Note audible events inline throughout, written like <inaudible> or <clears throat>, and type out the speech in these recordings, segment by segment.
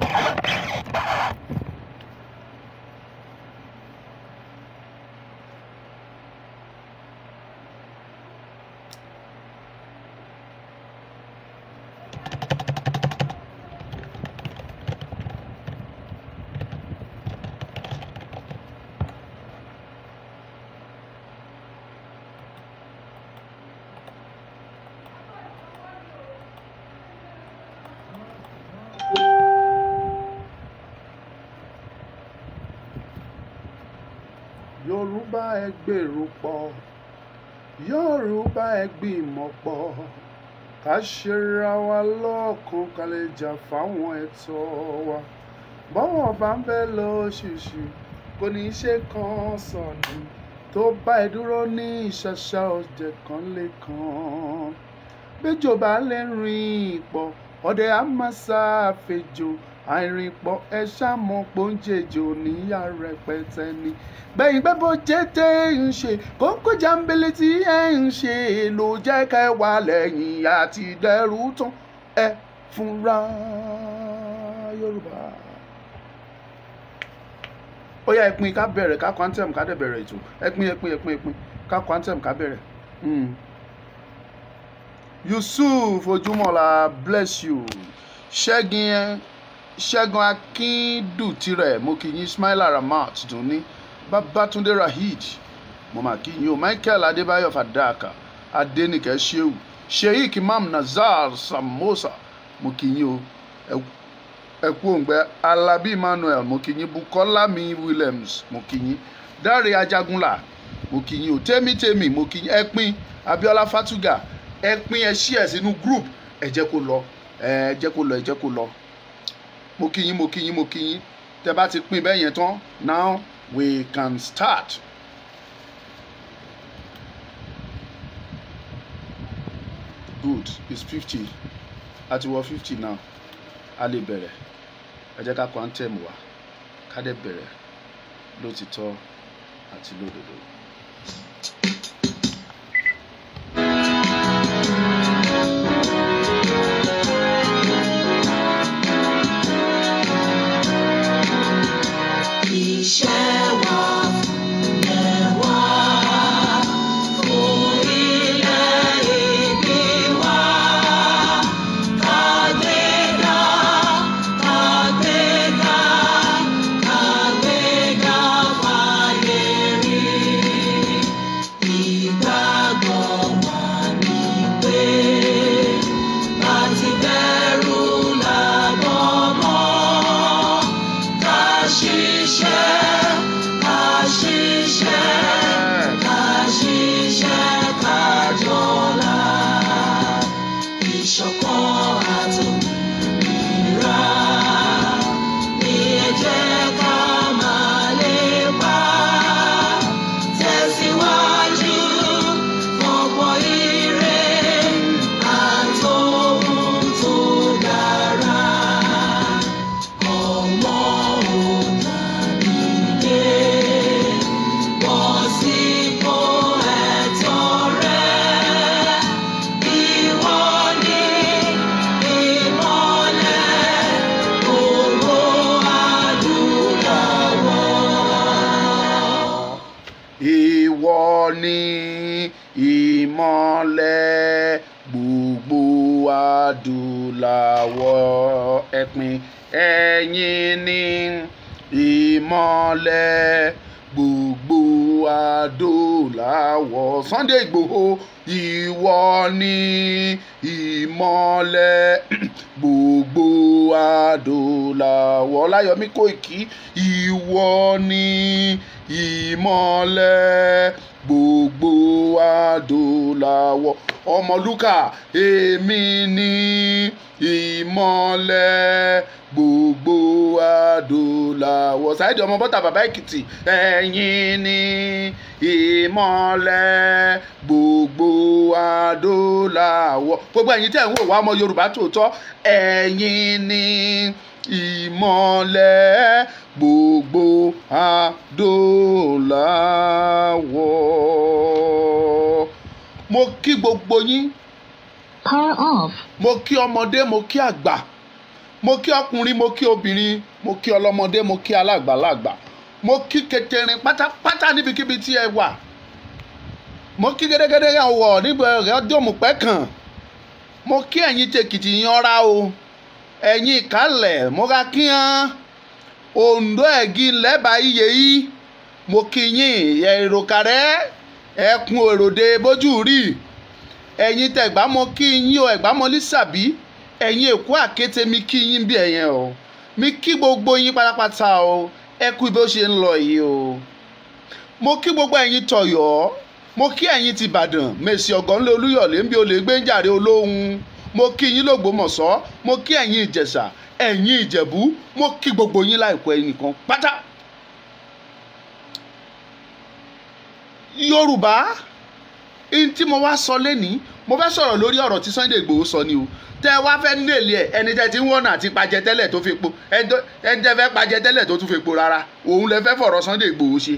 Thank you. bá ẹ gbèrò pọ̀ Yorùbá ẹ gbìmọ̀ pọ̀ ká ṣera wa lọ́kàn ká lè jà fáwọn ẹ̀tọ́ wa bọ́wọ̀ bá ń bẹ lóṣìṣì kò ní í ṣe kan sọ̀nù tó bá ẹ dúró ní ìṣàṣà ọ̀jẹ̀ kan lè kàn lè rìn pọ̀ ọ̀dẹ̀ á máa àìrìnpọ̀ ẹ ṣàmọ̀ pòǹjẹ̀jẹ̀ òníyà rẹpẹtẹ ni. gbẹ̀yìn pé bó jẹ́ tẹ́ ń ṣe kókó jàǹbẹ̀lẹ̀ tí ẹ ń ṣe ló jẹ́ kẹ́ wà lẹ́yìn àti dẹrù tán ẹ fúnra Yorùbá. ó yá ẹpin ká bẹ̀rẹ̀ ká quantum ká dẹ̀ bẹ̀rẹ̀ ètò ẹpin ẹpin ẹpin ẹpin ká quantum ká bẹ̀rẹ̀. Hmm. Yusuf Ojúmọ́lá bless you ṣẹ́gun yẹn ṣẹ́gun akíndùtirẹ̀ mo kì í smile ismaila ramat dunni babatunde rahid mo mà kí yín o michael adébáyọ̀ fàdákà adẹnìkẹ́ sheu sheik imam nazar samosa mo kì í o ẹ òǹgbẹ alabi emmanuel mo kì í bukola mi williams mo kì í yín dáre ajagunla mo kì í yín o tèmítèmí mo kì í yín abiola fatuga ẹ ẹ ṣí ẹ sínú group ẹ jẹ́ kó lọ ẹ jẹ́ kó lọ ẹ jẹ́ kó lọ mo kí yín mo kí yín mo kí yín tẹ bá ti pín bẹ́ẹ̀ yẹn tán now we can start. good it's fifty a ti wọ fifty now a lè bẹ̀rẹ̀ ẹ jẹ́ ká kọ́ anthem wa ká dẹ̀ bẹ̀rẹ̀ lótìtọ́ àti lódodo. àwọ̀ ẹ̀pìn ẹ̀yin ni ìmọ́lẹ̀ gbogbo adúláwọ̀ Sunday Igboho ìwọ ni ìmọ́lẹ̀ <clears throat> gbogbo adúláwọ̀ Ọláyọmí Kòìkí ìwọ ni ìmọ̀lẹ̀ gbogbo adúláwọ̀ ọmọlúkà èmi ni ìmọ̀lẹ̀ gbogbo adúláwọ̀ ṣáìdì ọmọ bọ́tà bàbá èkìtì ẹ̀yin ni ìmọ̀lẹ̀ gbogbo adúláwọ̀ gbogbo ẹ̀yin tẹ̀ ń wò wá ọmọ yorùbá tòótọ́ ẹ̀yin ni ìmọ̀lẹ̀ gbogbo adóòláwọ̀. mo kí gbogbo yín. power off. mo kí ọmọdé mo kí àgbà mo kí ọkùnrin mo kí obìnrin mo kí ọlọ́mọdé mo kí alágbàlagbà mo kí keterin pátápátá níbikíbi tí ẹ wà mo kí gédégédé yàn wọ̀ nígbà ọ̀rẹ́ ọdún òmùpẹ́ kan mo kí ẹ̀yin tèkìtì yan ọ́ra o. ẹ̀yin ìkàlẹ̀ mo ka kí hàn Ondo ẹ̀gí lẹ́bàá iye yìí mo kí yín èrò kàrẹ́ ẹkùn èròde bójú rí ẹ̀yin tẹ̀gbá mo kí yín o lè sàbí ẹ̀yin èkó àkété mi kí yín bí gbogbo yín pátápátá o ẹ kú bí ó yìí o mo gbogbo ẹ̀yin mo kí yín lògbómọ̀ṣọ́ mo kí ẹ̀yin ìjẹ̀ṣà ẹ̀yin ìjẹ̀bú mo kí gbogbo yín láìpẹ́ ẹnìkan pátá. yorùbá ihun tí mo wá sọ lẹ́ni mo fẹ́ sọ̀rọ̀ lórí ọ̀rọ̀ tí Sunday Igboho sọ ni o tẹ́ ẹ wá fẹ́ nílé ẹ̀ ẹni tẹ́ ti ń wọ̀nà àti pàjẹ́ tẹ́lẹ̀ tó fi po ẹni tẹ́ fẹ́ pàjẹ́ tẹ́lẹ̀ tó tún fi po rárá òun lẹ fẹ́ fọ̀rọ̀ Sunday Igboho ṣe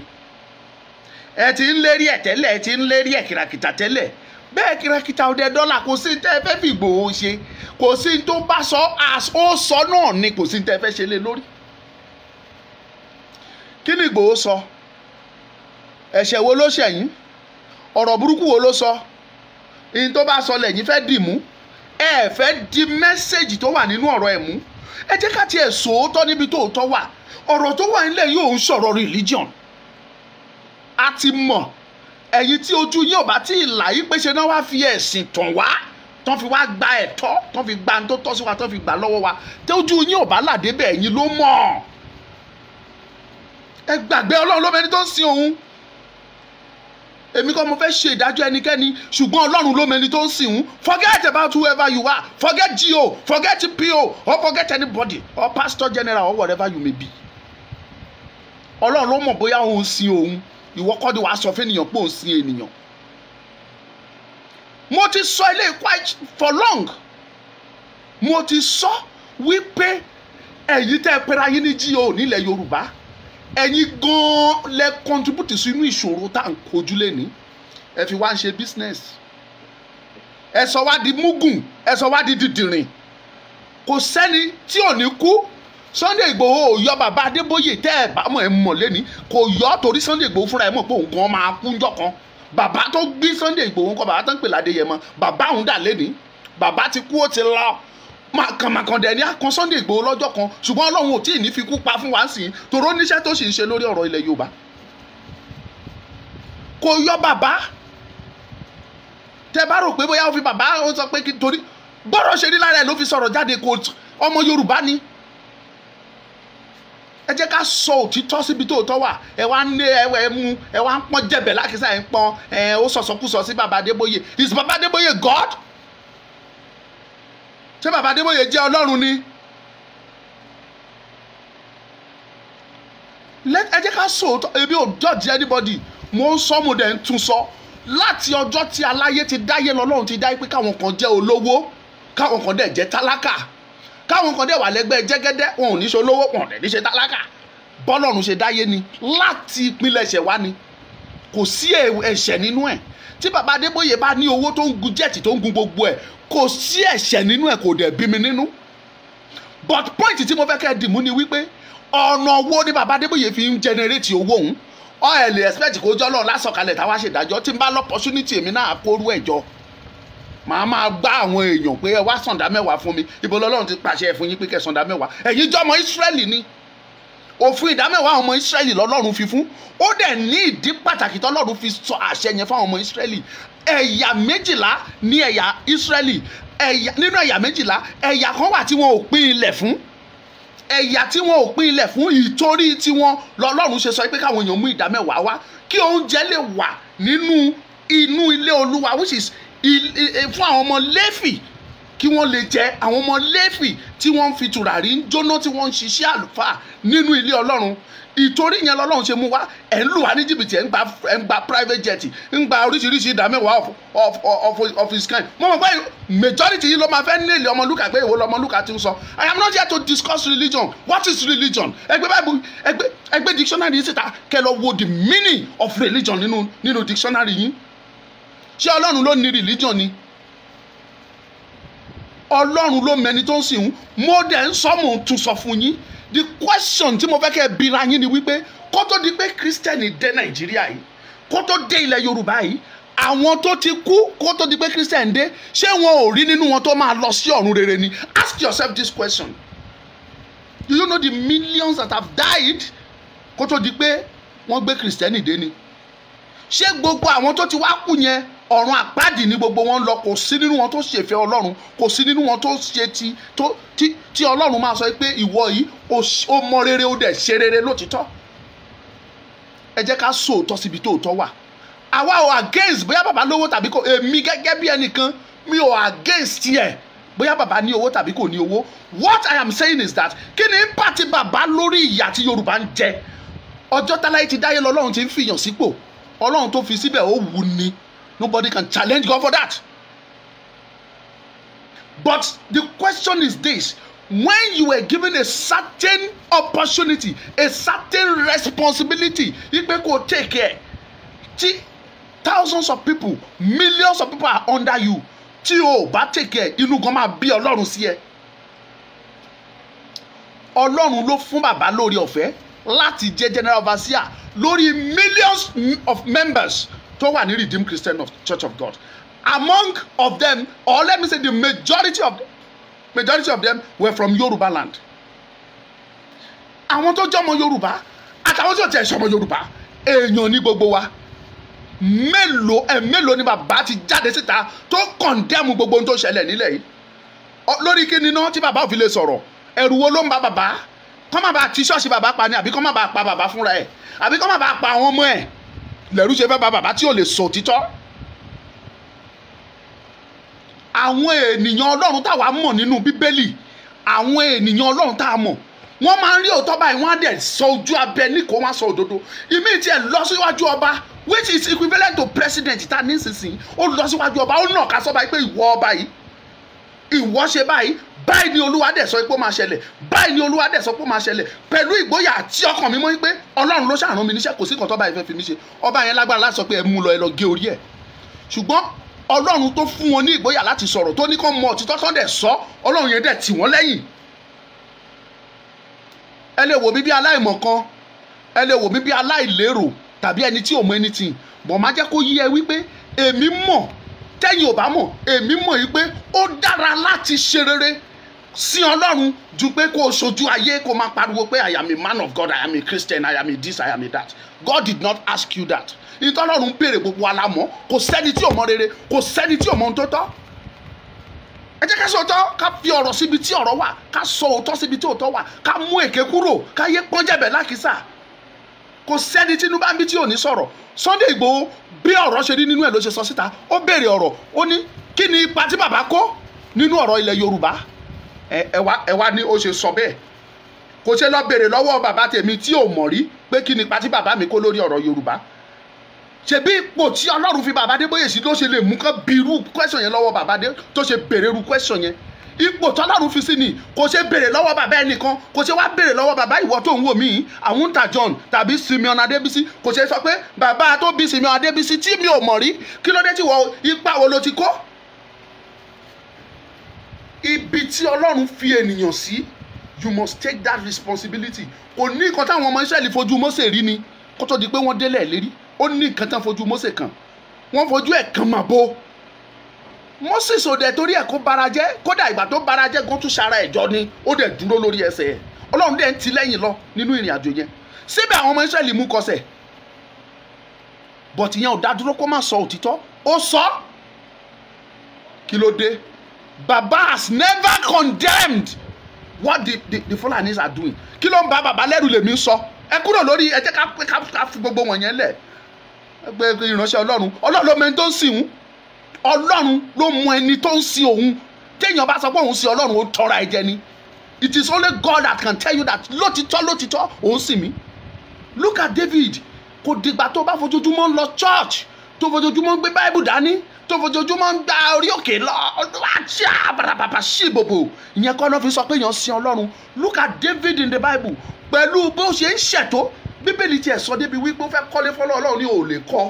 ẹ ti ń lérí ẹ̀ tẹ́lẹ̀ ẹ ti ń lérí ẹ̀ kìràkìtà tẹ́lẹ̀ bẹ́ẹ̀ kìràkìtà ọdẹ dọ́là kò sí tẹ́ ẹ fẹ́ fi Ìgbòho ṣe kò sí tó bá sọ ó sọ náà ni kò sí tẹ́ ẹ fẹ́ ṣe lé lórí. kí ni Ìgbòho sọ ẹ̀ṣẹ̀ wo ló ṣẹ̀yìn ọ̀rọ̀ burúkú wo ló sọ ìyìn tó bá sọ lẹ́yìn fẹ́ dì mú ẹ fẹ́ di mẹ́sẹ̀gì tó wà nínú ọ̀rọ̀ ẹ̀ mú ẹ jẹ́ ká tiẹ̀ sòótọ́ níbi tóòtọ́ wà ọ̀rọ̀ tó wà nílẹ̀ yóò ń religion a ti ẹ̀yin tí ojú yín ò bá tí ì là yí pé ṣe náà wá fi ẹ̀sìn tàn wá tán fi wá gba ẹ̀tọ́ tán fi gba tó tọ́ sí wa tán fi gbà lọ́wọ́ wa tí ojú yín ò bá là débẹ̀ ẹ̀yin ló mọ̀ ẹ gbàgbé ọlọ́run ló mẹni tó ń sin òun èmi kọ́ mo fẹ́ ṣe ìdájọ́ ẹnikẹ́ni ṣùgbọ́n ọlọ́run ló mẹni tó ń sìn ún forget about whoever you are forget GO forget PO or forget anybody or pastor general or whatever you may be ọlọ́run ló mọ̀ bóyá òun sin òun ìwọ kọ́ ni wàá sọ fẹ́nìyàn pé ò ń sin ènìyàn mo ti sọ eléyìí quite for long mo ti sọ wípé ẹ̀yin tẹ́ ẹ pera yín ní GO nílẹ̀ Yorùbá ẹ̀yin gan-an lẹ contribute sínú ìṣòro tá à ń kojú lẹ́ni ẹ fi wá ń ṣe business ẹ sọ wá di mugun ẹ sọ wá di dìdìrìn kò sẹ́ni tí ò ní kú Sunday Igboho ò yọ baba Adébóyè tẹ́ ẹ̀ bá mọ̀ ẹ̀ mọ̀ lẹ́ni kò yọ torí Sunday Igboho fúnra ẹ̀ mọ̀ pé òun kan máa kúnjọ́ kan bàbá tó gbé Sunday Igboho kọ́ bàbá tó ń pè ládéyẹmọ bàbá òun dà lẹ́ni bàbá ti kú ó ti lọ màkàmàkàn dẹ̀ ní àkàn Sunday Igboho lọ́jọ́ kan ṣùgbọ́n Ọlọ́run ò tí ì ní fi kú pa fún wa sí i tòró níṣẹ́ tó sì ń ṣe lórí ọ̀rọ̀ ilẹ̀ Yorùbá kò yọ bàbá tẹ bá rò pé bóyá ó fi bàbá ó sọ pé kí torí bọ́rọ̀ ṣe rí lára ẹ̀ ló fi sọ̀rọ̀ jáde kò ọmọ Yorùbá ni ẹ jẹ́ ká sọ òtítọ́ síbi tó tọ́ wà ẹ wá ń lé ẹ mú ẹ wá ń pọ́n jẹ̀bẹ̀ lákìsà ẹ̀ ń pọ́n ẹ ó sọ̀sọ̀kúsọ sí baba Adébóyè is baba Adébóyè God ṣé baba Adébóyè jẹ́ Ọlọ́run ni ẹ jẹ́ ká sọ òtọ́ ebi ò judge anybody mo ń sọ mo dẹ̀ ń tún sọ láti ọjọ́ tí aláyé ti dáyé lọ́lọ́run ti dáyé pé káwọn kan jẹ́ olówó káwọn kan dẹ̀ jẹ́ tálákà káwọn kan dẹ̀ wà lẹ́gbẹ́ jẹ́gẹ́dẹ́ wọn ò ní ṣe olówó wọn ò dẹ̀ ní ṣe tálákà bọ́lọ́run ṣe dáyé ni láti ìpilẹ̀ṣẹ̀ wá ni kò sí ẹ̀ṣẹ̀ nínú ẹ̀ tí bàbá Adébóyè bá ní owó tó ń gun jẹ́ẹ̀tì tó ń gun gbogbo ẹ̀ kò sí ẹ̀ṣẹ̀ nínú ẹ̀ kò dẹ̀ bí mi nínú but point tí mo fẹ́ kẹ́ dìmú ni wípé ọ̀nà wo ni bàbá Adébóyè fi ń generate owó òun ọ̀ ẹ̀ lè expect kó jọ́ lọ́ọ̀ lásọ̀kalẹ̀ táwa ṣèdájọ́ tí n bá lọ́pọ̀tunity èmi náà kórú ẹ̀jọ́ màá máa gbá àwọn èèyàn pé ẹ wá sàǹdá mẹ́wàá fún mi ibo lọ́lọ́run ti pàṣẹ fún yín pé kẹ́ sàǹdá mẹ́wàá ẹ̀yin jọmọ Ísírẹ́lì ni òfin ìdámẹ́wàá ọmọ Ísírẹ́lì lọ́lọ́run fi fún ó dẹ̀ ní ìdí pàtàkì tọ́lọ́run fi sọ àṣẹ yẹn fáwọn ọmọ Ísírẹ́lì ẹ̀yà méjìlá ní ẹ̀yà Ísírẹ́lì nínú ẹ̀yà méjìlá ẹ̀yà kan wà tí wọn ò pín ilẹ̀ fún ẹ̀yà tí wọn ò pín ilẹ̀ fún ìtorí tiwọn lọ́lọ́run ṣe sọ pé káwọn èèyàn mú ìdámẹ́wàá wá kí oúnjẹ lè wà nínú inú ilé olúwa which is fún àwọn ọmọ lẹ́fì kí wọ́n lè jẹ àwọn ọmọ lẹ́fì tí wọ́n ń fi tùràrí ń jóná tí wọ́n ń ṣiṣẹ́ àlùfáà nínú ilé ọlọ́run ìtorí yẹn lọ́lọ́run ṣe mú wa ẹ̀ ń lù wá ní jìbìtì ẹ̀ ń gba ẹ̀ ń gba private jet ń gba oríṣiríṣi ìdámẹ́wàá of of of of his kind mo mọ̀ pé majority yìí ló máa fẹ́ nílé ọmọlúkà pé èwo lọmọlúkà ti ń sọ I am not here to discuss religion what is religion ẹgbẹ́ báyìí ẹgbẹ́ ẹgbẹ́ dictionary yìí síta kẹ́ lọ wo the meaning of religion nínú nínú dictionary yìí ṣé ọlọ́run ló ní religion ni ọlọ́run ló mẹni tó ń sìn ún mo dẹ̀ ń sọ mò ń tún sọ fún yín the question tí mo fẹ́ kẹ́ ẹ bira yín ni wípé kó tó di pé kírísítẹ́nì dé nàìjíríà yìí kó tó dé ilẹ̀ yorùbá yìí àwọn tó ti kú kó tó di pé kírísítẹ́nì dé ṣé wọn ò rí nínú wọn tó máa lọ sí ọ̀run rere ni ask yourself this question do you know the millions that have died kó tó di pé wọ́n gbé kírísítẹ́nì dé ni ṣé gbogbo àwọn tó ti wá kú yẹn ọ̀run àpáàdì ni gbogbo wọn lọ kò sí nínú wọn tó ṣèfẹ́ ọlọ́run kò sí nínú wọn tó ṣe ti tó tí tí ọlọ́run máa sọ pé ìwọ yìí ó mọ rere ó dẹ̀ ṣe rere lótìtọ́ ẹ jẹ́ ká sòótọ́ síbi tóòtọ́ wà àwa ò against bóyá bàbá lówó tàbí kò èmi gẹ́gẹ́ bí ẹnìkan mi ò against yẹ bóyá bàbá ní owó tàbí kò ní owó what i am saying is that kí ni impact bàbá lórí ìyà tí yorùbá ń jẹ ọjọ́ táláyé ti dáyé lọ́lọ́run ti ń fìyàn sípò ọlọ́run tó fi síbẹ̀ ó wù ni Nobody can challenge God for that. But the question is this when you were given a certain opportunity, a certain responsibility, Ipe go take care. See, thousands of people, millions of people are under you. Tí o bá take care, inú gan máa bí Ọlọ́run sí ẹ. Ọlọ́run ló fún bàbá lórí ọ̀fẹ́ láti jẹ́ general overseer lórí millions of members tó wà ní redeemed christian of church of god among of them or let me say the majority of majority of them were from yoruba land àwọn tó jọmọ yorùbá àtàwọn tó jẹ ìṣọmọ yorùbá èèyàn ní gbogbo wa mélòó ẹ mélòó ni bàbá ti jáde síta tó kọ̀ǹdẹ́mù gbogbo ohun tó ṣẹlẹ̀ nílẹ̀ yìí lórí kí ni náà tí bàbá ò fi lè sọ̀rọ̀ ẹ̀rù wo ló ń ba bàbá kọ́ má bàa ti ṣọ́ọ̀ṣì bàbá pa ni àbí kọ́ má bàa pa bàbá fúnra ẹ̀ àbí kọ́ má bàa pa àwọn ọmọ ẹ̀ lẹ́rú ṣe fẹ́ bá bàbá tí ò lè sọ òtítọ́ àwọn ènìyàn ọlọ́run táwa mọ̀ nínú bíbélì àwọn ènìyàn ọlọ́run tá a mọ̀ wọ́n máa ń rí òótọ́ báyìí wọ́n á dẹ̀ sọ ojú abẹ ní kó wọ́n á sọ òdodo ìmí tiẹ̀ lọ síwájú ọba which is equivalent to president ta nísinsìnyí ó lọ síwájú ọba ó nà ká sọ́ba yìí pé ìwọ ọba yìí ìwọ ṣe báyìí báyìí ni olúwa dẹ̀ sọ pé ó máa ṣẹlẹ̀ báyìí ni olúwa dẹ̀ sọ pé ó máa ṣẹlẹ̀ pẹ̀lú ìgboyà àti ọkàn mi mọ́ pé ọlọ́run ló ṣàrán mi níṣẹ́ kò sí nǹkan tó bá ìfẹ́ fi mí ṣe ọba yẹn lágbára láti sọ pé ẹ mú lọ ẹ lọ gé orí ẹ̀ ṣùgbọ́n ọlọ́run tó fún wọn ní ìgboyà láti sọ̀rọ̀ tó ní kó mọ òtítọ́ tán dẹ̀ sọ ọlọ́run yẹn dẹ̀ tì wọ́n lẹ́yìn ẹ lè wò mí bí aláìmọ̀kan ẹ lè wò mí bí aláìlérò tàbí ẹni tí ò mọ anything bọ̀ má jẹ́ kó yí ẹ wípé èmi mọ̀ tẹ́yìn ò bá mọ̀ èmi mọ̀ yìí pé ó dára láti ṣe rere sí ọlọ́run ju pé kó o ṣojú ayé kó o máa pariwo pé i am a man of God i am a Christian i am a this i am a that God did not ask you that ìtọ́lọ́run béèrè gbogbo alámọ̀ kò sẹ́ni tí ò mọ rere kò sẹ́ni tí ò mọ ohun tó tọ́ ẹ jẹ́ ká sọ òótọ́ ká fi ọ̀rọ̀ síbi tí ọ̀rọ̀ wà ká sọ òótọ́ síbi tí òótọ́ wà ká mú èké kúrò ká yé pọ́njẹ̀bẹ̀ lákìsà kò sẹ́ni tí inú bá ń bí tí ò ní sọ̀rọ̀ Sunday Igboho bí ọ̀rọ̀ ṣe rí nínú ẹ̀ ló ṣe sọ síta ó béèrè ọ̀rọ̀ ó ní kí ni ipa tí bàbá kó nínú ọ̀rọ̀ ilẹ̀ Yorùbá ẹ wá ẹ wá ní ó ṣe sọ bẹ́ẹ̀ kò ṣe lọ béèrè lọ́wọ́ bàbá tèmi tí ò mọ̀ rí pé kí ni pati bàbá mi kó lórí ọ̀rọ̀ yorùbá ṣebí ipò tí ọlọ́run fi bàbá Adébóyè sí ló ṣe lè mú kán bí irú question yẹn lọ́wọ́ bàbá dé tó ṣe béèrè irú question yẹn ipò tọ́lọ́run fi sí ni kò ṣe béèrè lọ́wọ́ bàbá ẹnìkan kò ṣe wá béèrè lọ́wọ́ bàbá ìwọ tó ń wò mí àwọn ta John tàbí Simeon Adébísí kò ṣe sọ pé bàbá tó bí Simeon Adébísí tí mi ò mọ̀ rí kí ló dé tí wọ ipa wo lo ti kó ibi tí ọlọ́run fi ènìyàn sí you must take that responsibility kò ní nǹkan táwọn ọmọ Ísírẹ́lì fojú Mósè rí ni kó tó di pé wọ́n délẹ̀ lérí ó ní nǹkan tán fojú Mósè kan wọ́n fojú ẹ̀ kan mà bó Moses ò dẹ̀ torí ẹ̀ kó bara jẹ́ kódà ìgbà tó bara jẹ́ kó tún sara ẹ̀ jọ ni ó dẹ̀ dúró lórí ẹsẹ̀ ẹ̀ ọlọ́run dẹ̀ ń ti lẹ́yìn lọ nínú ìrìn àjò yẹn síbẹ̀ àwọn ọmọ Ísírẹ́lì mú kọsẹ̀ bọ̀tì yẹn ò dá dúró kó má sọ òtítọ́ ó sọ kí ló dé baba has never condemned what the the, the Fulanis are doing kí ló ń bá baba lẹ́rù lèmi sọ ẹ kúrò lórí ẹ jẹ́ ká fi gbogbo wọ̀nyẹn lẹ̀ gbé ìránṣẹ́ ọlọ́run ọlọ́run ló mọ ẹni tó ń sìn òun ọlọ́run ló mọ ẹni tó ń sìn òun téèyàn bá sọ pé òun sìn ọlọ́run ó tọrọ ẹ jẹ ni it is only God that can tell you that lótìtọ́ lótìtọ́ òun sìn mí look at David kò dìgbà tó bá fojoojúmọ́ lọ church tó fojoojúmọ́ gbé Bible dání tó fojoojúmọ́ ń gba orí òkè lọ ọdún àti àbàràbàbà sí ìbòbò ìyẹn kọ́ ló fi sọ pé èèyàn sin ọlọ́run look at David in the Bible pẹ̀lú bó ṣe ń ṣètò bíbélì tiẹ̀ sọ débi wípé ó fẹ́ kọ́lé fọlọ́ ọlọ́run ni ò lè kọ́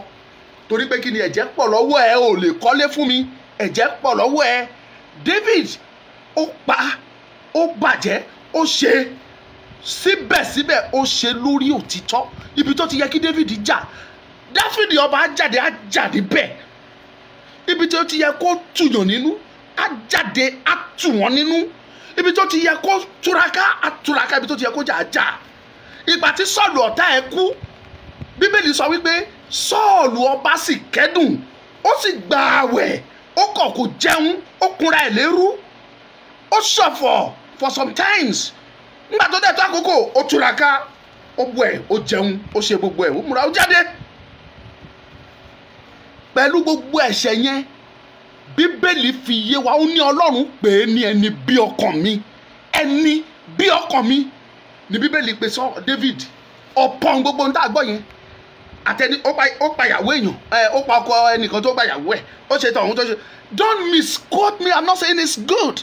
torí pé kí ni ẹ̀jẹ̀ pọ̀ lọ́wọ́ ẹ ò lè kọ́lé fún mi ẹ̀jẹ̀ pọ̀ lọ́wọ́ ẹ David ó pa ó bàjẹ́ ó ṣe síbẹ̀síbẹ̀ ó ṣe lórí òtítọ́ ibi tó ti yẹ kí David jà Dáfídì ọba ajáde ajáde bẹ́ẹ̀ ibi tí ó ti yẹ kó tùyàn nínú á jáde á tù wọ́n nínú ibi tí ó ti yẹ kó túraká á túraká ibi tó ti yẹ kó jà á jà ìgbà tí sọ́ọ̀lù ọ̀tá ẹ̀ kú bíbélì sọ wípé sọ́ọ̀lù ọba sì kẹ́dùn ó sì gba àwẹ̀ ó kọ̀ kò jẹun ó kunra ẹ̀ lérú ó ṣọ̀fọ̀ for some times nígbà tó dẹ̀ tó àkókò ó túraká ó bọ̀ ẹ̀ ó jẹun ó ṣe gbogbo ẹ̀ ó múra ó jáde pẹ̀lú gbogbo ẹ̀ṣẹ̀ yẹn bíbélì fi yé wa ó ní ọlọ́run pè é ní ẹni bí ọkàn mi ẹni bí ọkàn mi ni bíbélì pè sọ David ọ̀pọ̀n gbogbo ń dàgbọ́ yẹn àtẹni ó pa ìyàwó èèyàn ẹ ó pa ọkọ ẹnìkan tó pa ìyàwó ẹ ó ṣe tọ̀hún tó ṣe don't misquote me i'm not saying it's good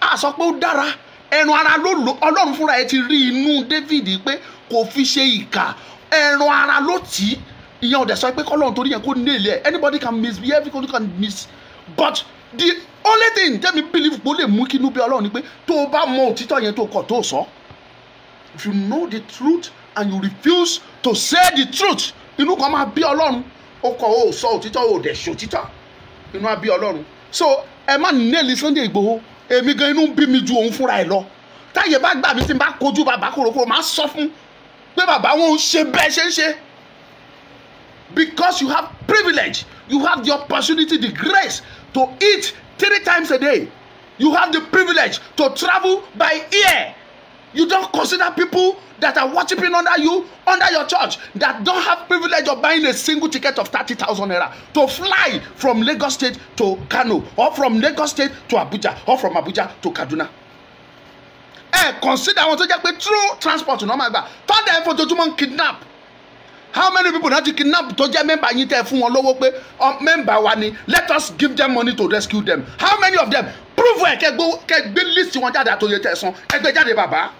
a sọ pé ó dára ẹran ara ló lò ọlọ́run fúnra ẹ ti rí inú David pé kò fi ṣe ìkà ẹran ara ló tì í ìyẹn ọ̀dẹ̀ sọ pé kọ́lọ́run torí yẹn kó nílé ẹ̀ anybody can miss misbehave anybody can miss but the only thing tẹ́mi believe pé ó lè mú kí inú bí ọlọ́run ni pé tó o bá mọ òtítọ́ yẹn tó o kọ̀ tó o sọ if you know the truth and you refuse to say the truth inú kan máa bí ọlọ́run ó kọ̀ ó sọ òtítọ́ ó dẹ̀ ṣe òtítọ́ inú á bí ọlọ́run so ẹ má nílé Sunday Igboho èmi gan inú bí mi ju òun fúnra ẹ lọ táyé bá gbà mí tí n bá kojú bàbá kòròkòrò máa sọ fún pé bàbá wọn ò ṣe bẹ́ẹ̀ ṣe ń ṣe because you have privilege you have the opportunity the grace to eat three times a day you have the privilege to travel by air you don't consider people that are worshiping under you under your church that don't have privilege of buying a single ticket of thirty thousand naira to fly from Lagos State to Kano or from Lagos State to Abuja or from Abuja to Kaduna ẹ eh, consider àwọn tó jẹ́ pé true transport ní wọ́n máa gbà tọ́ndẹ̀ ẹ̀ fojoojúmọ́ ń kidnap how many people náà ti kidnap tó jẹ́ mẹ́mbà yín tẹ́ fún wọn lówó pé oh, mẹ́mbà wa ni let us give them money to rescue them how many of them prove ẹ̀ kẹ́ gbé list wọn jáde àtòyè tẹ̀sán ẹ gbé jáde bàbá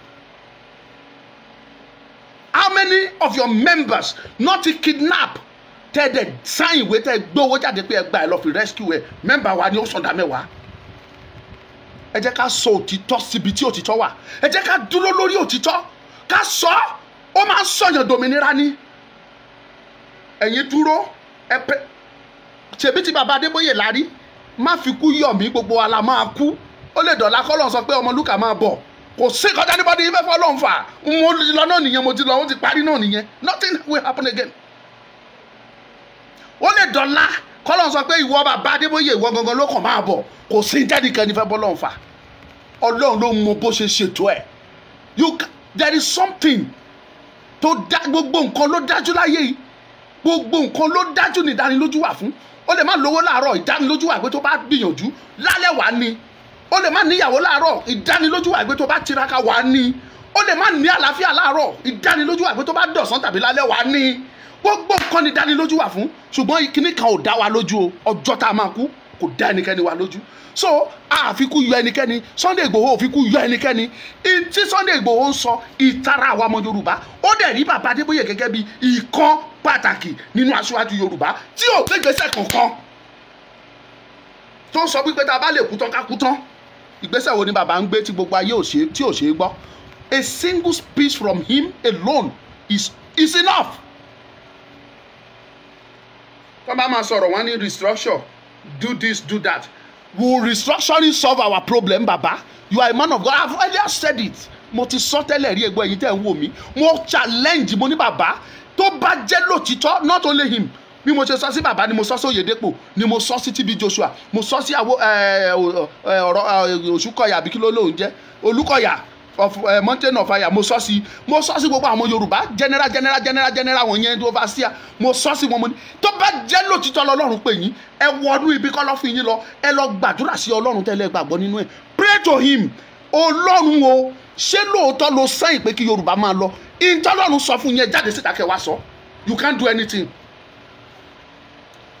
how many of your members not to kidnap tẹ dẹ sáyìn ìwé tẹ gbowó jáde pé ẹ gba ẹ lọ fi rescue ẹ mẹmbà wa ni ó sọdá mẹwàá ẹ jẹ́ ká sọ òtítọ́ síbi tí òtítọ́ wà ẹ jẹ́ ká dúró lórí òtítọ́ ká sọ ó máa ń sọyàn dòmìnira ni ẹ̀yin dúró ẹ pẹ́ ṣèbí tí baba adébóyè la rí má fi kú yọ̀ mí gbogbo wa la máa kú ó lè dọ̀la kọ́ lọ́n sọ pé ọmọlúkà máa bọ̀ kò sí kọjá níbọdí yìí fẹ́fọ́ ló ń fà mo ti lọ náà nìyẹn mo ti lọ ó ti parí náà nìyẹn nothing will happen again. ó lè dọ̀la kọ́ lọ́n sọ pé ìwọ baba adébóyè ìwọ gangan ló kàn máa bọ̀ kò sí jẹ́nìkan ní fẹ́fọ́ ló ń fà ọlọ́run ló mọ bó ṣe ṣètò ẹ̀ you there is something tó dá gbogbo nǹkan ló dájú láyé yìí gbogbo nǹkan ló dájú ní ìdánilójú wà fún ó lè má lówó láàárọ̀ ìdánilójú wà pé tó bá gbìyànjú lálẹ́ wà ni. ó lè má níyàwó láàárọ̀ ìdánilójú wà pé tó bá tiraka wà ní ó lè má ní àlàáfíà láàárọ̀ ìdánilójú wà pé tó bá dọ̀sán tàbí lálẹ́ wà ní gbogbo nǹkan ní ìdánilójú wà fún ṣùgbọ́n ìkíní kan ò dá wa lójú o ọjọ́ tá a máa kú kò dá ẹnikẹ́ni wa lójú so àfikún yọ ẹnikẹ́ni Sunday Igboho òfikún yọ ẹnikẹ́ni tí Sunday Igboho ń sọ ìtara àwa ọmọ Yorùbá ó dẹ̀ rí bàbá Adébóyè gẹ́gẹ́ bí ìkan pàtàkì nínú aṣáájú yorùbá tí ò gbégbèsè kankan tó ń sọ wípé tá a bá lè kú tán ká kú tán ìgbésẹ̀ wo ni bàbá ń gbé tí gbogbo ayé tí ò ṣe é gbọ́ a single speech from him alone is is enough. tó bá máa sọ̀rọ̀ wọ́n ní restructure do this do that will restructuring solve our problem baba you are a man of God I have earlier said it mo ti sọ tẹ́lẹ̀ rí egbò ẹ̀yin tẹ́ ń wò mí mo challenge mo ní baba tó bá jẹ́ lòtítọ́ not only him bí mo ṣe sọ sí bàbá ni mo sọ sí Oyèdépò ni mo sọ sí TB Joshua mo sọ sí àwọ eh, eh, eh, ọ̀rọ̀ Òṣùkọ̀yà àbí kí ló lóun jẹ́ Olúkọ̀yà of uh, mountain of fire mo sọ sí mo sọ sí gbogbo àwọn yorùbá general general general general wọn yẹn tó bá sí à mo sọ sí wọn mo ní tó bá jẹ́ lòtítọ́ lọ́lọ́run pè yín ẹ wọnú ibi kọ́ lọ́fún yín lọ ẹ lọ gbàdúrà sí ọlọ́run tẹ́lẹ̀ gbàgbọ́ nínú ẹ̀ pray to him ọlọ́run o ṣé lóòótọ́ lo sẹ́yìn pé kí yorùbá máa lọ ìtọ́lọ́run sọ fún yẹn jáde síta kẹ́ sọ you can't do anything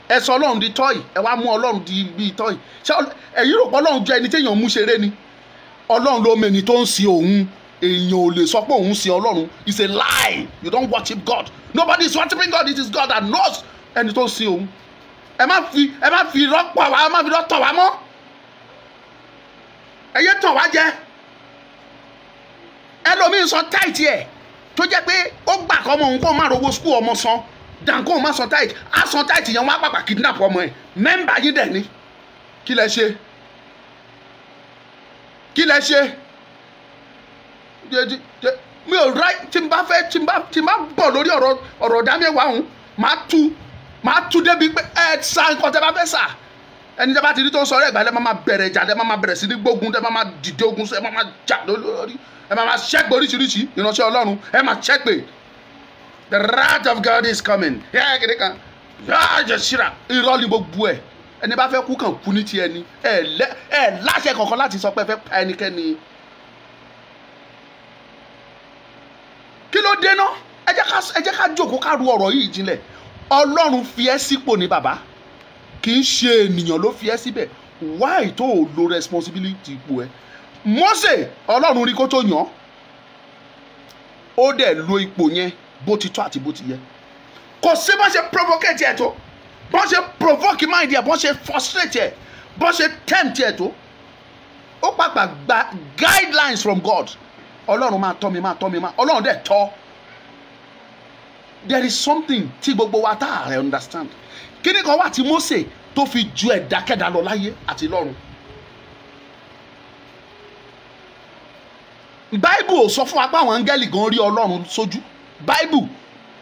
ẹ sọ ọlọ́run di tọ́yì ẹ wá mú ọlọ́run di bíi tọ́yì ṣé ẹ̀yin rò pé ọlọ́run jẹ́ ẹni téèyàn mú ṣeré ni ọlọ́run ló mẹ́ni tó ń sin òun èèyàn ò lè sọ pé òun sin ọlọ́run it's a lie you don't worship God nobody is worshiping God it is God that knows ẹni tó ń sin òun ẹ má fi ẹ má fi rọ́pọ̀ wá ẹ má fi rọ́tọ̀ wá mọ́ ẹ yé tàn wá jẹ ẹ lómi sọ táìtì ẹ̀ tó jẹ́ pé ó gbà kọ́ ọmọ òun kó má rówó skul ọmọ san dànkó má san táìtì á san táìtì yẹn wọ́n á pàpà kidnap ọmọ ẹ̀ mẹ́mbà yín dẹ̀ ni kí lẹ ṣe kí lẹ ṣe mi ò rà tí n bá fẹ́ tí n bá tí n bá bọ̀ lórí ọ̀rọ̀ ọ̀rọ̀ dámẹ́wàá ọ̀hún màá tu màá tu débi pé ẹ sa nǹkan tẹ bá fẹ́ sà ẹni tẹ bá ti rí tó ń sọ ọ́ rẹ̀ gbà lẹ́ máa bẹ̀rẹ̀ jà lẹ́ máa bẹ̀rẹ̀ sí ní gbógun tẹ máa dìde ogun sẹ́ máa jà lórí ẹ máa máa ṣẹ́gbẹ̀ oríṣiríṣi ìránṣẹ́ ọlọ́run ẹ máa ṣẹ́gbẹ̀ the wrath of God is coming yẹ́ẹ́ kéde kan yọ́ọ́ jẹ ṣíra irọ́ ni gbogbo ẹ̀ ẹni bá fẹ́ kú kàn kú ní tiẹ̀ ni ẹ láṣẹ kankan láti sọ pé ẹ fẹ́ pa ẹnikẹ́ni. kí ló dé náà ẹ jẹ́ ká jókòó ká ru ọ̀rọ̀ yìí jinlẹ̀ ọlọ́run fi ẹ́ sípò ní bàbá kì í ṣe ènìyàn ló fi ẹ́ síbẹ̀ why tó o lo responsibility ipò ẹ Mósè ọlọ́run rí kó tó yàn án ó dẹ̀ lo ipò yẹn bó ti tọ́ àti bó ti yẹ kò sí bó ṣe provocate ẹ̀ tó bó ṣe provoke mind ẹ̀ bó ṣe frustrate ẹ̀ bó ṣe tempt ẹ̀ tó ó pàpà gba guidelines from God ọlọ́run máa tọ́ mi máa tọ́ mi máa ọlọ́run dẹ̀ tọ́ there is something tí gbogbo wa tá a rẹ̀ understand kíní kan wà tí Mósè tó fi ju ẹ̀dákẹ́dá lọ láyé àti lọ́run Bible, ò sọ fún wa pé àwọn áńgẹ́lì gan rí ọlọ́run sójú báìbù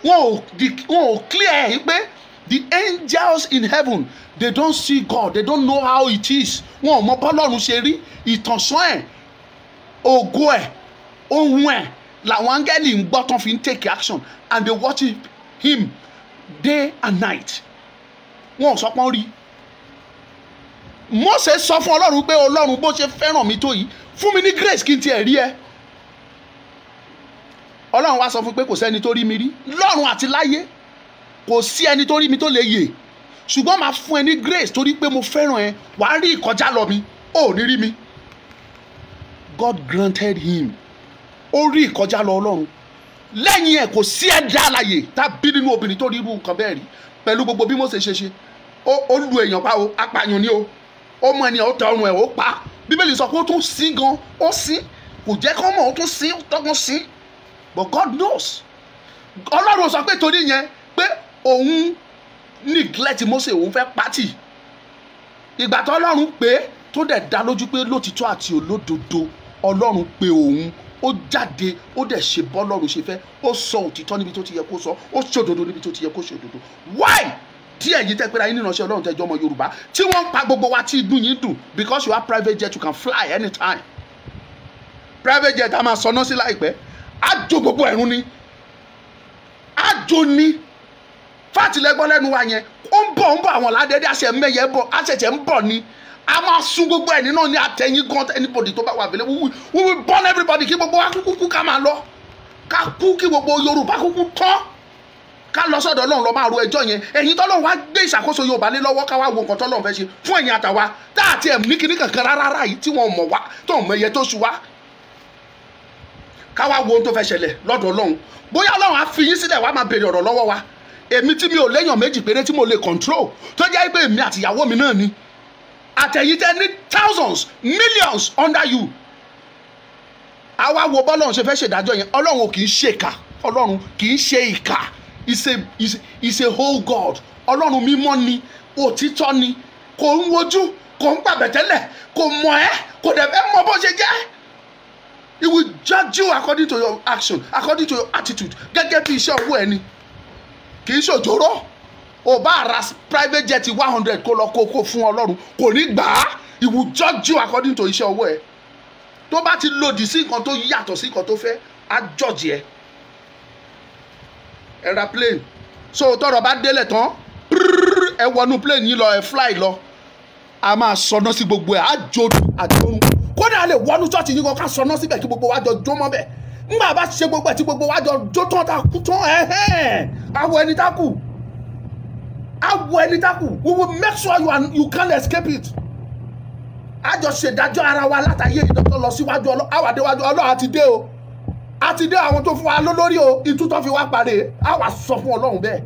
wọn ò wọn ò clear ẹ̀ pé the angels in heaven they don't see God they don't know how it is wọn ò mọ bọ́lọ́run ṣe rí ìtànṣán ẹ̀ ògo ẹ̀ ohun ẹ̀ làwọn áńgẹ́lì ń gbọ́ tán fi ń take action and they watch him day and night wọn ò sọ pọ́n rí Mósè sọ fún ọlọ́run pé ọlọ́run bó ṣe fẹ́ràn mi tó yìí fún mi ní grace kí n tiẹ̀ rí ẹ ọlọ́run wá sọ fún pé kò sẹ́ni tó rí mi rí lọ́run àti láyé kò sí ẹni tó rí mi tó lè yè ṣùgbọ́n màá fún ẹ ní grace torí pé mo fẹ́ràn ẹ wàá rí ìkọjá lọ mi ò ní rí mi God granted him ó rí ìkọjá lọ ọlọ́run lẹ́yìn ẹ̀ kò sí ẹ̀dá alàyè tàbí nínú obìnrin tó rí irú nǹkan bẹ́ẹ̀ rí pẹ̀lú gbogbo bí Mósè ṣe ṣe ó lu èèyàn pa o apààyàn ni o ó mọ ènìyàn ó tẹ ọrùn ẹ̀ ó pa bíbélì sọ pé ó tún sín gan ó sín kò jẹ́ kó ó tún sín ó tọ́gbọ́n but God knows ọlọ́run sọ pé torí yẹn pé òun neglect Mósè òun fẹ́ pátì ìgbà tó ọlọ́run pé tó dẹ̀ dá lójú pé lótìtọ́ àti olódodo ọlọ́run pé òun ó jáde ó dẹ̀ ṣe bọ́lọ́run ṣe fẹ́ ó sọ òtítọ́ níbi tó ti yẹ kó sọ ó ṣòdodo níbi tó ti yẹ kó ṣòdodo why tí ẹ̀yin tẹ́ pera yín nínú ọ̀ṣẹ́ ọlọ́run tẹ́jọ́ ọmọ yorùbá tí wọ́n ń pa gbogbo wa tí inú yín dùn because you are private jet you can fly anytime private jet a máa sọ náà sí láìpẹ́ àjò gbogbo ẹ̀rún ni àjò ni fàtìlẹ́gbọ́n lẹ́nu wa yẹn ó ń bọ̀ ń bọ̀ àwọn ládẹ́dẹ́ àṣẹ mẹ́yẹ bọ̀ àṣẹṣẹ ń bọ̀ ni a máa sun gbogbo ẹni náà ní àtẹ̀yìn gan anybody tó bá wà bẹ̀lẹ̀ wíwí wíwí burn everybody kí gbogbo wa kúkú kú ká máa lọ ká kú kí gbogbo Yorùbá kúkú tán ká lọ sọ́dọ̀ Ọlọ́run lọ máa ro ẹjọ́ yẹn ẹ̀yin tọ́lọ́run wá gbé ìṣàkóso Yorùbá lé lọ́wọ́ ká wá wo nǹkan tọ́lọ́run fẹ́ ṣe fún ẹ̀yin àtàwa táàtì ẹ̀mí kìnnìkan kan rárá yìí tí wọ́n mọ̀ wá tó mọ̀ ẹyẹ tó ṣu wá káwá wo ohun tó fẹ́ ṣẹlẹ̀ lọ́dọ̀ ọlọ́run bóyá ọlọ́run á fi yín sílẹ̀ wá máa béèrè ọ̀rọ̀ lọ́wọ́ wa èmi tí mi ò léèyàn méjì péré tí mo lè control tó jẹ́ pé èmi àtìyàwó mi náà ni àtẹ̀yìntẹ́ ní thousands millions under you àwa wo bọ́lọ́run ṣe fẹ́ ṣèdájọ́ yẹn ọlọ́run ò kì í ṣe ìkà ọlọ́run kì í ṣe ìkà a is a is a whole god ọlọ́run mímọ́ ni òtítọ́ ni kò ń wojú kò ń pàbẹ̀tẹ́lẹ̀ kò mọ̀ ẹ́ kò dẹ̀ fẹ́ mọ bó ṣe jẹ́ he will judge you according to your action according to your attitude gẹ́gẹ́ bí iṣẹ́ owó ẹni kì í ṣòjòrò o bá ra private jet one hundred kó lọ kó kó fún ọlọ́run kò ní gbà á he will judge you according to iṣẹ́ owó ẹ tó bá ti lòdì sí nǹkan tó yàtọ̀ sí nǹkan tó fẹ́ á judge ẹ ẹ ra so tọrọ bá délẹ̀ tán ẹ wọnú plane yìí lọ ẹ fly lọ a máa sọdán sí gbogbo ẹ á jòdù àjòrùn kódà a lè wọnú ṣọ́ọ̀ṣì yìí kan ká sọ náà síbẹ̀ kí gbogbo wa jọ jó mọ́ bẹ̀ ńgbà bá ṣe gbogbo ẹ̀ tí gbogbo wa jọ jó tán tá kú tán ẹ̀hẹ́n àwọ̀ ẹni tá kù àwọ̀ ẹni tá kù we will make sure you, are, you can't escape it a jọ ṣèdájọ́ ara wa látàyè ìdọ́tọ̀ lọ síwájú àwàdéwájú ọlọ́run àti dé o àti dé àwọn tó fún wa lólórí o ìtú tó fi wá parí àwa sọ fún ọlọ́run bẹ́ẹ̀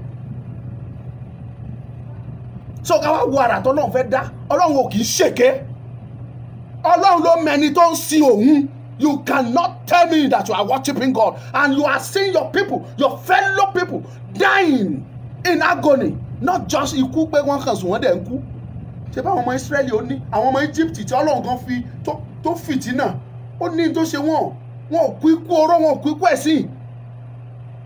so ká wá wo àrà tó ọlọ́run fẹ́ dá ọlọ́run ò kì í ṣèké ọlọ́run ló mẹni tó ń sin òun you cannot tell me that you are worshiping God and you are seeing your people your fellow people dying in agony not just ikú pé wọ́n kàn sùn wọ́n dẹ̀ ń kú ṣe báwọn ọmọ Ísírẹ́lì ó ní àwọn ọmọ Egypt tí ọlọ́run kan fi tó fìtì náà ó ní tó ṣe wọ́n wọn ò kú ikú oró wọn ò kú ikú ẹ̀sìn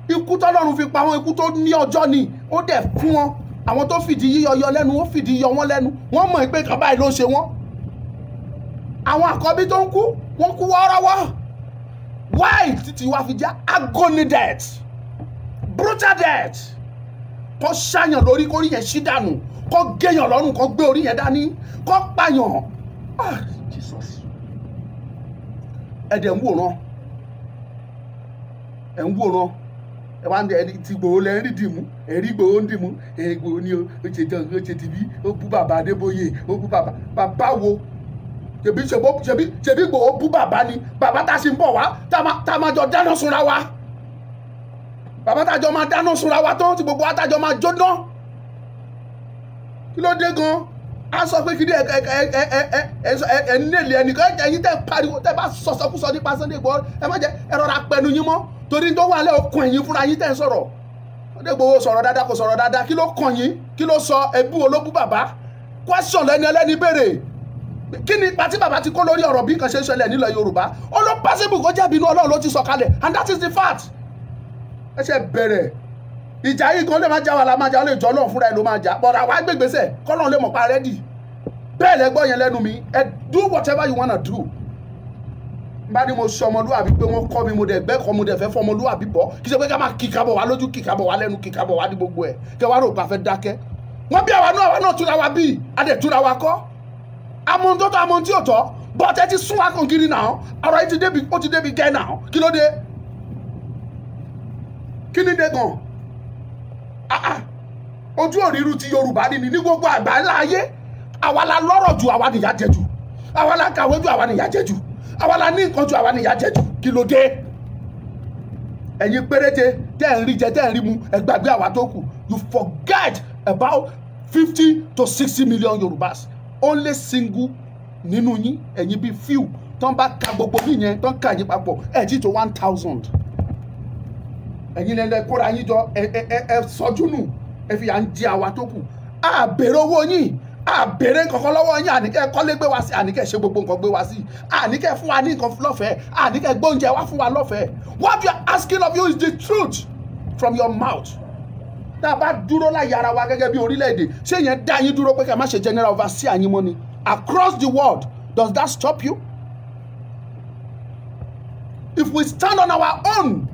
ikú tọ́lọ́run fi pa wọn ikú tó ní ọjọ́ ni ó dẹ̀ fún wọn àwọn tó fìdí yíyọ yọ lẹ́nu ó fìdí yọ wọn lẹ́nu wọ́n mọ̀ pé kàbáyé ló ṣe wọ́n àwọn àkọ́bí tó ń kú wọ́n kú wọ́ọ́rọ́wọ́ why títí wá fi jẹ́ agony death brutal death kó ṣàyàn lórí kórí yẹn ṣí dànù kó géèyàn lọ́rùn kó gbé orí yẹn dání kó pààyàn ah Jesus ẹ̀dẹ̀ ń wòran ẹ̀ ń wòran ẹ wá ń dẹ ẹni tí gbòó lẹ ń rí dìmú ẹrí gbòó ń dìmú ẹ gbòó ni ó ṣe jẹun ó ṣe tìbí ó bú bàbá Adébóyè ó bú bàbá bàbá wo ṣebí ṣebí ṣebí gbòó bú bàbá ni bàbá tá a sì ń bọ̀ wá tá a máa jọ dáná sunra wa bàbá tá a jọ máa dáná sunra wa tán tí gbogbo wa tá a jọ máa jóná kí ló dé gan a sọ pé kí ni ẹ ẹ ẹ ẹ ẹ ẹ nílé ẹnìkan ẹyin tẹ pariwo tẹ bá sọsọkúsọ nípa Sunday Igboho ẹ má jẹ ẹ rọra pẹnu yín mọ́ torí tó wà lẹ́ okun ẹ̀yin fúnra yín tẹ̀ ń sọ̀rọ̀ Sunday Igboho sọ̀rọ̀ dáadáa kò sọ̀rọ̀ dáadáa kí ló kàn yín kí ló sọ ẹbú olóbú bàbá question lẹ́ni ẹlẹ́ni béèrè kí ni ipa tí ti kó lórí ọ̀rọ̀ bí nǹkan ṣe ń ṣẹlẹ̀ nílẹ̀ yorùbá ó ló pàṣẹbù kó jẹ́ ìbínú ọlọ́run ló ti sọ̀kalẹ̀ and that is the fact ẹ ṣe bẹ̀rẹ̀ ìjà yìí kan lè má já wa la má já lè jọ ọlọ́run fúnra ẹ ló má já bọ̀dà wàá gbégbèsè kọ́lọ́run lè mọ̀ pa rẹ́dì bẹ́ẹ̀ lẹ́gbọ́ yẹn lẹ́nu mi ẹ do whatever you wanna do bá ní mo sọ ọmọlúwàbí pé wọ́n kọ́ mi mo dẹ̀ gbẹ́kọ̀ mo dẹ̀ fẹ́ fọ́ ọmọlúwàbí bọ́ kì í ṣe pé ká máa kíkà bọ̀ wá lójú kíkà bọ̀ wá lẹ́nu kíkà bọ̀ wá ní gbogbo ẹ̀ kẹ́ wá rò pa fẹ́ dákẹ́ wọ́n bí àwa náà àwa náà túra wa bíi a dẹ̀ túra wa kọ́ amóhuntọ́tọ́ amóhuntí òtọ́ bọ́tẹ́ ti sún akàn kiri náà ọ̀rọ̀ yìí ti débi ó ti débi gẹ́ náà kí ló dé kí ni dé gan ah, ah. ojú òrìrú ti Yorùbá nìní ní gbogbo àgbáńlá ayé àwa la lọ́rọ̀ ju àwa nìyà jẹ àwa la kàwé ju àwa nìyà jẹ jù àwa la ní nǹkan ju àwa nìyà jẹ jù kí ló dé ẹ̀yin péréte tẹ́ ẹ̀ ń rí jẹ tẹ́ ẹ̀ ń rí mu ẹ gbàgbé àwa tó kù you forget about fifty to sixty million Yorùbás only single nínú yín ẹ̀yin bíi few tán bá ka gbogbo yín yẹn tán kà yín papọ̀ ẹ̀ jí tó one thousand ẹ̀yin lẹ́lẹ́ kóra yín jọ ẹ ẹ ẹ ẹ sọjú nù ẹ fi à ń jẹ àwa tó kù á bèrè owó yín á bèrè nǹkankan lọ́wọ́ yín àníkẹ́ kọ́lé gbé wá sí àníkẹ́ ṣe gbogbo nǹkan gbé wá sí àníkẹ́ fún wa ní nǹkan lọ́fẹ̀ẹ́ àníkẹ́ gbóúnjẹ wá fún wa lọ́fẹ̀ẹ́ what you are asking of you is the truth from your mouth tá a bá dúró láyé ara wa gẹ́gẹ́ bí orílẹ̀-èdè ṣé yẹn dá yín dúró pé ká má ṣe general overseer yín mọ́ ni across the world does that stop you? if we stand on our own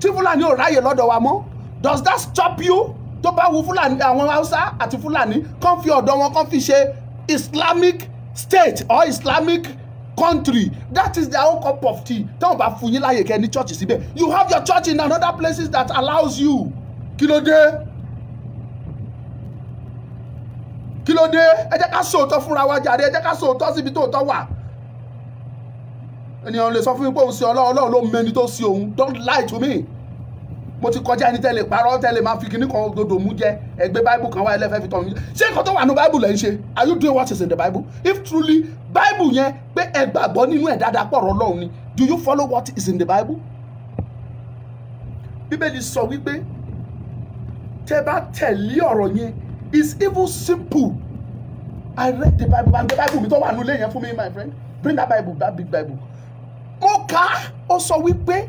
tí fúlàní ò ráyè lọ́dọ̀ wa mọ́ does that stop you? tó bá wu fúlàní àwọn haúsá àti fúlàní kàn fi ọ̀dọ̀ wọn kàn fi ṣe islamic state or islamic country that is their own cup of tea táwọn bá fún yín láyè kẹ́ ní church síbẹ̀ you have your church in another places that allows you kí ló dé. kí ló dé ẹ jẹ́ ká sòótọ́ fúnra wa jàre ẹ jẹ́ ká sòótọ́ síbi tóótọ́ wà ènìyàn lè sọ fún mi pé òun sí ọlọ́run ọlọ́run ló mẹni tó sí òun don't lie to me mo ti kọjá ẹni tẹ́lẹ̀ parọ́ tẹ́lẹ̀ máa fi kinní kan odò mú jẹ ẹgbẹ́ bible kan wá ẹlẹ́fẹ́ fi tọ̀ yín ṣé nǹkan tó wà nínú bible lẹ́ ń ṣe are you doing what is in the bible if truly bible yẹn pé ẹ gbàgbọ́ nínú ẹ̀ dáadáa pọ̀ ọ̀rọ̀ ọlọ́run ni do you follow what is in the bible bíbélì sọ wípé tẹ́ bá tẹ̀lé ọ̀rọ̀ yẹn is even simple i read the bible and the bible mi tó wà nílé yẹn fún mi my friend bring that bible that big bible Moka, kà á ó sọ wípé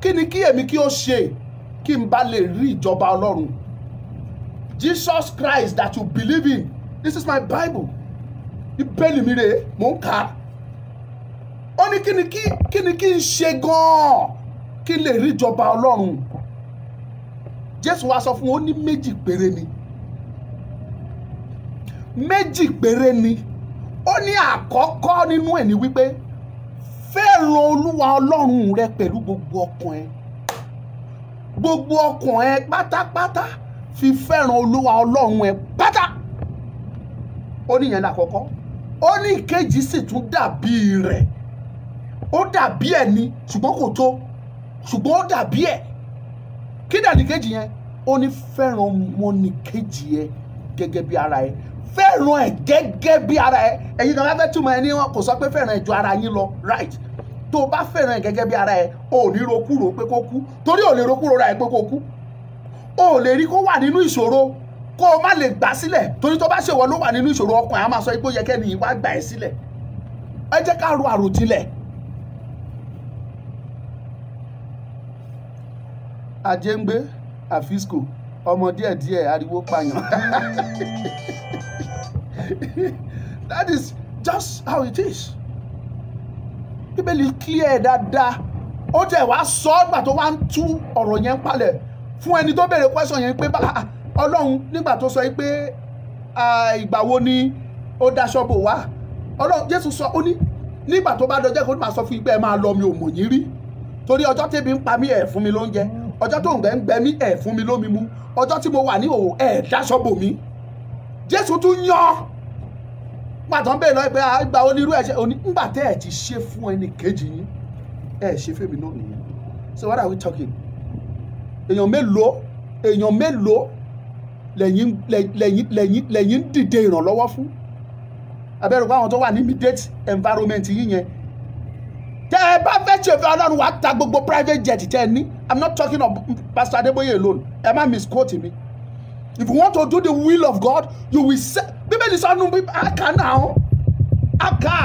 kí ni kí èmi kí ó ṣe kí n jesus christ that you believe in this is my bible ìbéèlì mi rèé mò ń kà á ó ní kí ni kí kí ni kí n ṣe gan-an kí n lè rí ìjọba ọlọ́run jésù wá sọ fún wọn ni méjì péré ni ó ní àkọ́kọ́ nínú ẹ̀ ni wípé fẹ́ràn olúwa ọlọ́run rẹ pẹ̀lú gbogbo ọkàn ẹ gbogbo ọkàn ẹ pátápátá fi fẹ́ràn olúwa ọlọ́run ẹ pátá ó ní ìyẹn lákọ́kọ́ ó ní ìkejì sì tún dàbí rẹ̀ ó dàbí ẹ̀ ni ṣùgbọ́n kò tó ṣùgbọ́n ó dàbí ẹ̀ kí dàdí kejì yẹn ó ní fẹ́ràn ọmọnìkejì ẹ gẹ́gẹ́ bí ara ẹ fẹ́ràn ẹ̀ gẹ́gẹ́ bí ara ẹ ẹ̀yin kan láfẹ́ túmọ̀ ẹ ní wọn kò sọ pé fẹ́ràn ẹ̀ ju ara yín lọ right tó o bá fẹ́ràn ẹ̀ gẹ́gẹ́ bí ara ẹ o ò ní rokúrò pé kó kú torí ò lè rokúrò ra ẹ pé kó kú o ò lè rí kó wà nínú ìṣòro kó o má lè gbà sílẹ̀ torí tó bá ṣèwọ ló wà nínú ìṣòro ọkàn ẹ̀ á máa sọ pé ó yẹ kẹ́ni ìwà gbà ẹ́ sílẹ̀ ẹ jẹ́ ká ro àròtilẹ̀ ajé ń ọmọ díẹ̀díẹ̀ ariwo pààyàn that is just how it is bíbélì clear dáadáa ó jẹ́ wàá sọ ọ́ gbà tó wá ń tú ọ̀rọ̀ yẹn palẹ̀ fún ẹni tó béèrè question yẹn pé ah, ọlọ́run nígbà tó sọ pé ìgbà wo ni ó daṣọ bò wá ọlọ́run jésù sọ ó ní nígbà tó bá dọjọ́ kó máa sọ fún yín pé máa lọ mi ò mọ̀ yín torí ọjọ́ tẹ́bi ń pa mí ẹ̀ fún mi lóúnjẹ ọjọ́ tó ń gbẹ ń gbẹ mí ẹ̀ fún mi lómi mu ọjọ́ tí mo wà ní òwò ẹ̀ dáṣọ bò mí jésù tún yan pàtó ń bèèrè lọ pé àgbà onírú ẹ̀ ṣe òní ńgbà tẹ́ ẹ̀ ti ṣe fún ẹnì kejì yín ẹ̀ ṣe fèmí náà nìyẹn so what are we talking èèyàn mélòó èèyàn mélòó lẹ́yìn lẹ́yìn lẹ́yìn lẹ́yìn dìde ìrànlọ́wọ́ fún abẹ́rù pé àwọn tó wà ní immediate environment yín yẹn tẹ́ ẹ bá fẹ́ ṣe ìfẹ́ ọlọ́run wàá ta gbogbo private jet tẹ́ ẹ ní i'm not talking of pastor adeboye alone ẹ má misquote mi if you want to do the will of god you will say bíbélì sọnù àkà náà àkà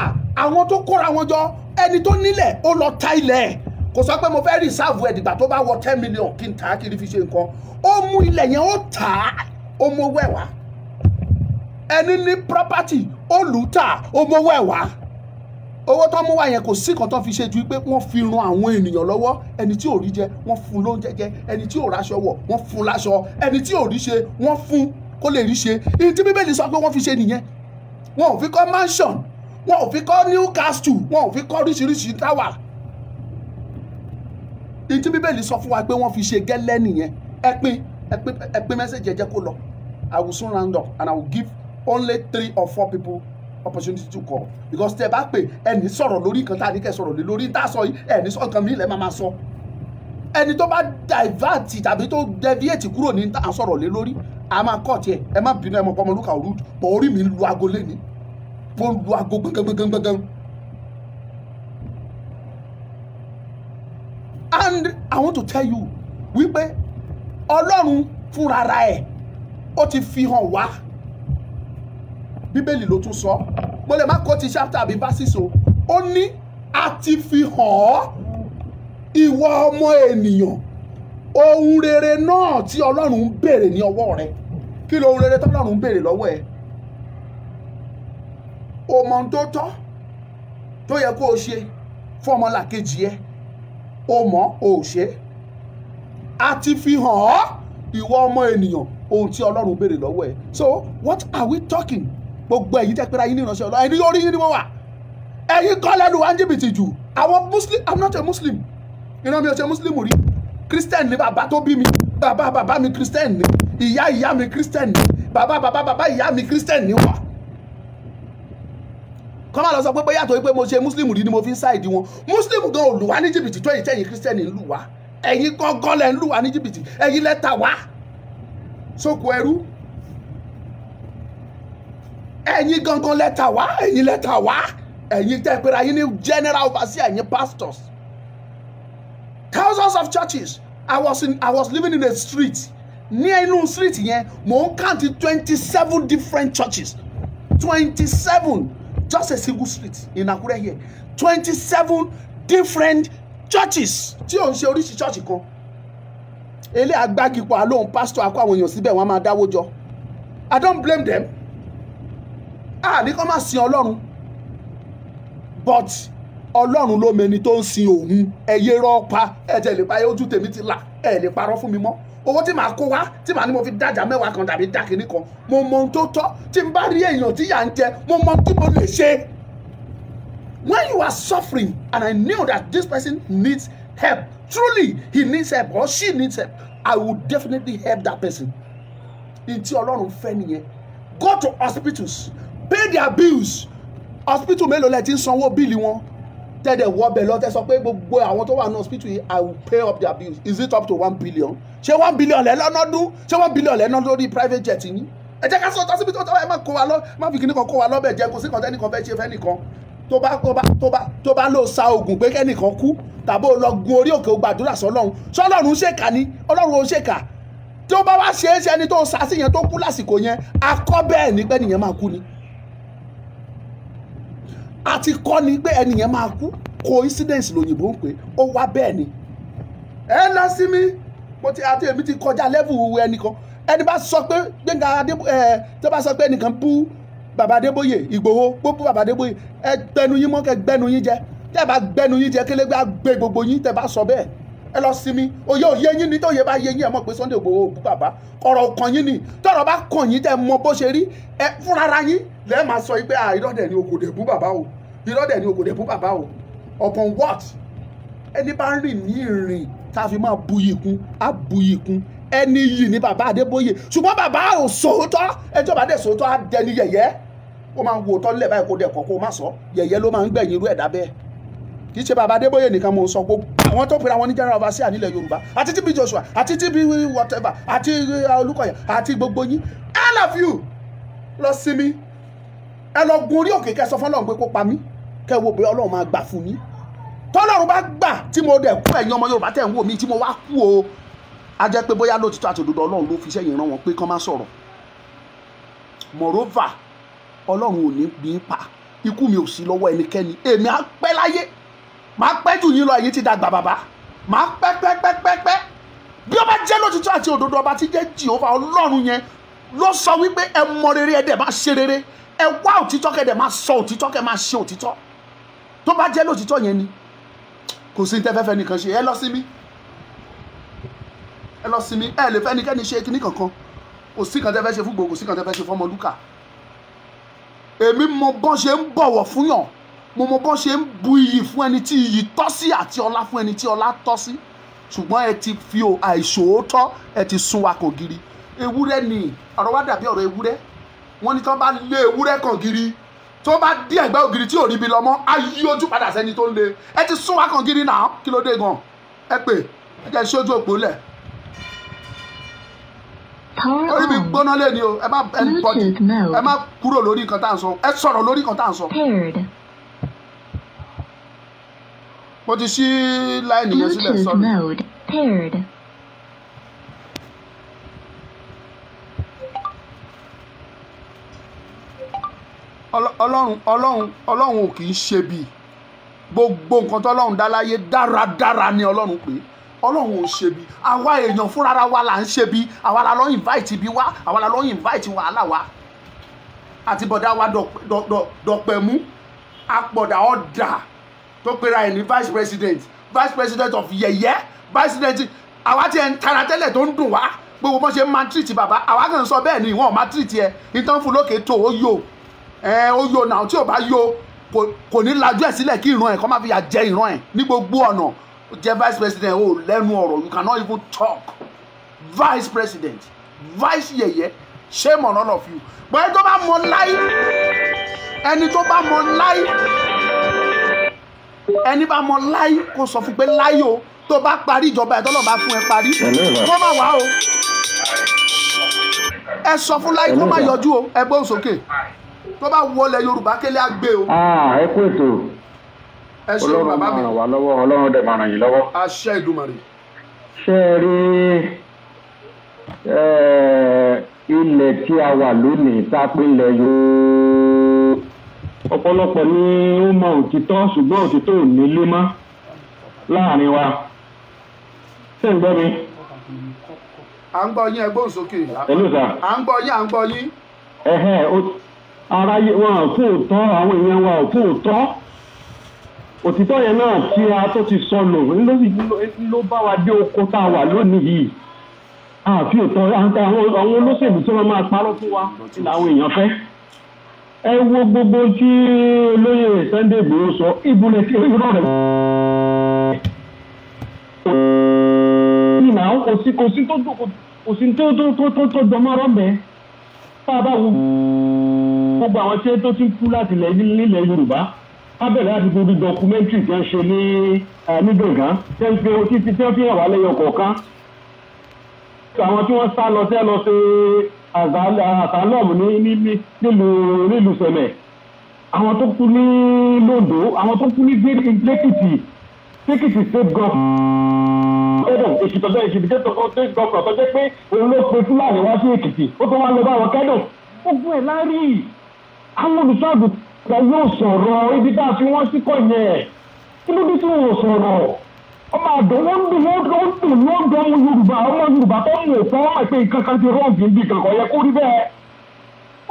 àwọn tó kóra wọn jọ ẹni tó nílẹ̀ ó lọ ta ilẹ̀ ẹ̀ kò sọ pé mo fẹ́ rìsáàvù ẹ̀dìgbà tó bá wọ ten million kí n tà á kiri fi ṣe nǹkan ó mú ilẹ̀ yẹn ó tà á ó mówó ẹ̀ wá ẹni ní property ó lù ú tà ó mówó ẹ̀ wá owó tó mú wá yẹn kò sí kan tó fi ṣe ju pé wọ́n fi ran àwọn ènìyàn lọ́wọ́ ẹni tí ò rí jẹ wọ́n fún lóúnjẹ jẹ ẹni tí ò ráṣọ wọ̀ wọ́n fún láṣọ ẹni tí ò rí ṣe wọ́n fún kó lè rí ṣe iye tí bíbélì sọ pé wọ́n fi ṣe nìyẹn wọn ò fi kọ́ mansion wọn ò fi kọ́ Newcastle wọn ò fi kọ́ oríṣiríṣi tower iye tí bíbélì sọ fún wa pé wọ́n fi ṣe gẹ́lẹ́ nìyẹn ẹ pín ẹ pín ẹ pín jẹ́ kó lọ I will soon round up and I will give only three or four people opportunity to call because tẹ́ ẹ bá pè ẹni sọ̀rọ̀ lórí kan tá a ní kẹ́ sọ̀rọ̀ lé lórí tá a sọ yìí ẹni sọ nǹkan mìíràn máa ma sọ ẹni tó bá divert tàbí tó deviate kúrò ní tá a sọ̀rọ̀ lé lórí a máa kọ́ tiẹ̀ ẹ má bínú ẹ mọ̀ pọ́nmọ́ lúkà òru pọ̀ orí mi ń lu aago lẹ́ni mo lu aago gbẹngẹngbẹngẹn and I want to tell you wípé ọlọ́run fúnra ẹ̀ ó ti fi hàn wá bíbélì ló tún sọ mo lè má kó ti chapter àbí verses o ó ní a ti fi hàn ọ́ ìwọ ọmọ ènìyàn ohun rere náà tí ọlọ́run ń béèrè ní ọwọ́ rẹ kí lohun rere tọ́lọ́run ń béèrè lọ́wọ́ ẹ o mọ ohun tó tọ́ tó yẹ kó o ṣe fún ọmọlàkejì ẹ o mọ̀ o ò ṣe a ti fi hàn ọ́ ìwọ ọmọ ènìyàn ohun tí ọlọ́run béèrè lọ́wọ́ ẹ so what are we talking gbogbo ẹ̀yin tẹ́ pé ra yín ní ìránṣẹ́ ọlọ́run ẹni yóò rí yín ni wọ́n wà ẹ̀yin kọ́ lẹ́nu wa ń jìbìtì jù àwọn muslim i'm not a muslim ìran mi ò ṣe muslim rí christian ni bàbá tó bí mi bàbá bàbá mi christian ni ìyá ìyá mi christian ni bàbá bàbá bàbá ìyá mi christian ni wà kọ́ máa lọ sọ pé bóyá tó pé mo ṣe muslim rí ni mo fi ń ṣáìdì wọn muslim gan ò lù wá ní jìbìtì tó èyí tẹ̀yìn christian ń lù wá ẹ̀yin gangan lẹ̀ ń lù wá ní jìbìtì ẹ̀yin lẹ́ta wá sóko ẹrú ẹ̀yin gangan lẹ́tà wá ẹ̀yin lẹ́tà wá ẹ̀yin tẹ́ pera yín ní general overseer ẹ̀yin pastors thousands of churches I was in I was living in a street Near inú street yẹn Mo ń count twenty seven different churches twenty seven just a single street in Akure here twenty seven different churches tí ò ń ṣe oríṣi church kan eléyà gbági pa pastor akọ àwọn èèyàn síbẹ̀ wọ́n máa dáwọ́ jọ I don't blame them àní kọ́ máa sin ọlọ́run but ọlọ́run ló mẹni tó ń sin òun ẹyẹ rọ́ọ̀pá ẹ̀jẹ̀ lè pa ojú tèmi ti là ẹ̀ lè parọ́ fún mi mọ́ owó tí màá kó wá tí màá ní mo fi dájà mẹ́wàá kan tàbí dákìní kan mo mọ ohun tó tọ́ tí n bá rí èèyàn tí yà ń jẹ mo mọ tí mo lè ṣe. When you are suffering and I knew that this person needs help truly he needs help or she needs help I will definitely help that person. Ntí ọlọ́run fẹ́ nìyẹn go to hospitals pay their bills hospital mélòó lẹ ti ń sanwó bíìlì wọn tẹ́lẹ̀ wọ́bẹ̀ lọ tẹ́ sọ pé gbogbo àwọn tó wà ní hospital yìí i will pay up their bills is it up to one billion ṣé one billion lẹ́ lọ́nọ́dún ṣé one billion lẹ́ lọ́nọ́dún lórí private jet yín ẹ jẹ́ ká sọ tọ́sí bí tó tọ́wọ́ ẹ má kó wa lọ má fi kíníkan kó wa lọ́bẹ̀ jẹ́ kó sí kan tẹ́nìkan fẹ́ ṣe fẹ́ nìkan tó bá tó bá tó bá tó bá lò sa oògùn pé kẹ́nìkan kú tàbí ó lọ gun orí òkè gbàdúrà sọlọ́run sọlọ́run ṣèkà ni ọlọ́run ò ṣèkà tó bá wá ṣeé ẹni tó sa sí yẹn tó kú lásìkò yẹn akọ́ bẹ́ẹ̀ ni pé nìyẹn máa kú ni àti kọ́ ni pé ẹnìyẹn máa kú coincidence lòyìnbó ń pè ó wá bẹ́ẹ̀ ni ẹ ná sí mi mo ti àti èmi ti kọjá level ẹnìkan ẹni bá sọ pé Gbẹ́ngà Adébóyè ẹ tó bá sọ pé ẹnìkan bú bàbá Adébóyè Ìgbòho ó bú bàbá Adébóyè ẹ gbẹnu yín mọ́ kẹ gbẹnu yín jẹ tẹ́ bá gbẹnu yín jẹ kélégbé á gbé gbogbo yín tẹ́ bá sọ bẹ́ẹ̀ ẹ lọ sinmi òye òye yín ni tóye bá yé yín ẹ mọ̀ pé Sunday Igboho òbú bàbá ọ̀rọ̀ kàn yín ni tọ́rọ̀ bá kàn yín tẹ́ mọ bó ṣe rí ẹ fúnra yín lẹ́ẹ̀ máa sọ pé à irọ́dẹ̀ ni òkòdè bú bàbá o irọ́dẹ̀ ni òkòdè bú bàbá o upon what ẹni bá ń rìn ní ìrìn tá a fi máa buyì kún á buyì kún ẹni yìí ni bàbá Adébóyè ṣùgbọ́n bàbá ò sòótọ́ ẹjọ́ bá dẹ̀ sòótọ́ á dẹni yẹ̀yẹ́ ó máa ń wo tọ́lẹ̀ báyìí kó dẹ̀ kọ́ kó má sọ yẹ̀yẹ́ ló máa ń gbẹ̀yìn irú ẹ̀dá bẹ́ẹ̀ kì í ṣe bàbá adébóyè nìkan mo sọ pé àwọn tó pera wọn ní general overseer nílẹ̀ yorùbá àti TB Joshua àti TB whatever àti eh, olùkọ́yà àti gbogbo yín all of you lọ sinmi ẹ lọ gun orí òkè kẹsàn fún ọlọ́run pé kó pa mí kẹ wo pé ọlọ́run máa gbà fún yín tọ́lọ́run bá gbà tí mo dẹ̀ kú ẹ̀yin ọmọ yorùbá tẹ̀ ń wò mí tí mo wá kú o a jẹ́ pé bóyá lóòtítọ́ àtòdodo ọlọ́run ló fi iṣẹ́ yìí rán wọn pé kán má sọ̀rọ̀ moreover ọlọ́run ò ní bí pa ikú mi ò sí lọ́wọ́ ẹnikẹ́ni èmi á pẹ́ láyé màá pẹ́ jù yín lọ ẹ̀yin ti dàgbà bàbá màá pẹ́ pẹ́ pẹ́ pẹ́ pẹ́ bí ó jẹ́ lótìtọ́ àti òdodo ọba tí jẹ́ jìhófà ọlọ́run yẹn ló sọ wípé ẹ mọ rere ẹ dẹ̀ máa ṣe rere ẹ wá òtítọ́ kẹ́ dẹ̀ máa sọ òtítọ́ kẹ́ máa ṣe òtítọ́ tó bá jẹ́ lótìtọ́ yẹn ni kò sí tẹ́fẹ́fẹ́ nìkan ṣe ẹ lọ sí mi ẹ lọ sí mi ẹ lè fẹ́ ẹnikẹ́ni ṣe kinní kankan kò sí kan tẹ́fẹ́ ṣe fún gbogbo kò sí kan tẹ́fẹ́ ṣe fọmọ lúkà èmi mọ bọ́n ṣe ń bọ̀wọ̀ fún mo mọ bọ́n ṣe ń bu iyì fún ẹni tí iyì tọ́ sí àti ọlá fún ẹni tí ọlá tọ́ sí ṣùgbọ́n ẹ ti fi àìṣòótọ́ ẹ ti sun wa kò giri ewúrẹ́ ni ọ̀rọ̀ wa dàbí ọ̀rọ̀ ewúrẹ́ wọ́n ní tí wọ́n bá lé ewúrẹ́ kan giri tí wọ́n bá dí ẹ̀gbẹ́ ògiri tí ò ríbi lọ́mọ́ á yí ojú padà sẹ́ni tó ń le ẹ ti sún wá kan giri náà kí ló dé gan ẹ pè ẹ jẹ́ sójú òpó lẹ̀. orí mi gbóná lé ni o ẹ má ẹ má kúrò lórí nǹkan tá à ń sọ ẹ sọ̀rọ̀ lórí nǹkan tá à ń sọ mo ti ṣí láìní yẹn sílẹ̀ sọ́rí. ọlọ́run ọlọ́run ọlọ́run ò kì í ṣe bí gbogbo nǹkan tó ọlọ́run dá láyé dáradára ni ọlọ́run pé ọlọ́run ò ṣe bí àwa èèyàn fúnra wa là ń ṣe bí àwa la lọ́ invite bí wá àwa la lọ́ invite wàhálà wa àti bọ̀dá wa dọ̀pẹ̀mú apọ̀dà ọ̀dà tó pera ẹ̀ ní vice president vice president of yẹ̀yẹ́ vice president àwa ti ẹ̀ ń tara tẹ́lẹ̀ tó ń dùn wá gbogbo bọ́n ṣe ń máa tírìtì bàbá àwa kàn ń sọ bẹ́ẹ̀ ni ìwọ̀n máa tírìtì ẹ̀ ìtàn fún lókè tó ó yò ẹ̀ yo, yò náà tí ò bá yò kò ní lajú ẹ̀ sílẹ̀ kí ìran ẹ̀ kọ́ máa fi yà jẹ ìran ẹ̀ ní gbogbo ọ̀nà jẹ vice president o lẹ́nu ọ̀rọ̀ you cannot even talk vice president vice yẹ̀yẹ́ shame on all of you bọ́n ẹni tó bá mọ láyé ẹni tó bá mọ láyé ẹni bá mọ láì kó sọ fún pé láì o tó bá parí ìjọba ẹ̀tọ́ lọ́ba fún ẹ parí kó má wá o ẹ sọ fún láì kó má yọjú o ẹ gbóhùn sókè tó bá wọlé yorùbá kélé á gbé o. ẹ kú ètò ọlọ́run máa ràn wá lọ́wọ́ ọlọ́run dẹ̀ máa ràn yín lọ́wọ́. àṣẹ ìdùmarè. ṣé ẹ rí ilẹ̀ tí a wà lónìí tá yóò. ọ̀pọ̀lọpọ̀ ni ó mọ òtítọ́ ṣùgbọ́n òtítọ́ ò nílé mọ́ láàrin wa ṣé ń mi. à ń gbọ́ yín ẹ gbóhùn sókè. à ń gbọ́ yín à ń gbọ́ yín. ẹhẹ ara wọn àwọn èèyàn wa fún yẹn náà tí a tó ti ló bá wa dé oko tá a wà lónìí yìí àfi àwọn olóṣèlú tí máa fún ẹ wo gbogbo tí olóyè Sunday Igboho sọ ìbúlẹ̀ tí irọ́ rẹ̀ ìnà kò sí kò sí tó kò sí tó tó tó tó tó dọmọ́rọ́ mẹ́ bá a bá wo gbogbo àwọn tí tó ti ń kú láti nílẹ̀ Yorùbá abẹ́rẹ́ àti gbogbo dọkumẹ́ntì tí wọ́n ṣe ní nígbègán tẹ́ ń fi títí tẹ́ ń fi hàn wá lẹ́yọ̀ kọ̀ọ̀kan àwọn tí wọ́n sá lọ tẹ́ lọ ṣe asylum nílùú nílùú sẹ̀mẹ̀ àwọn tó kú ní londo àwọn tó kú ní lẹ́kìtì lẹ́kìtì state government kẹ́dọ̀ èkìtì èkìtì kẹ́dọ̀ state government ọ̀dọ́ pé òun ló pe fúlàní wá sí èkìtì ó tó wá lọ bá wọn kẹ́dọ̀ gbogbo ẹ̀ lárí àwọn olùṣọ́ àgùntàn yóò sọ̀rọ̀ ibi tá a fi wọ́n sí yẹn kí ló dé tí wọ́n sọ̀rọ̀ ọmọ àgbẹ̀ wọ́n ń dùn wọ́n ń dùn wọ́n ń dùn ọmọ yorùbá ọmọ yorùbá tó ń wò fún ọmọ ìpè nǹkan kan ti rọ́ọ̀gì níbi kankan yẹ kó rí bẹ́ẹ̀.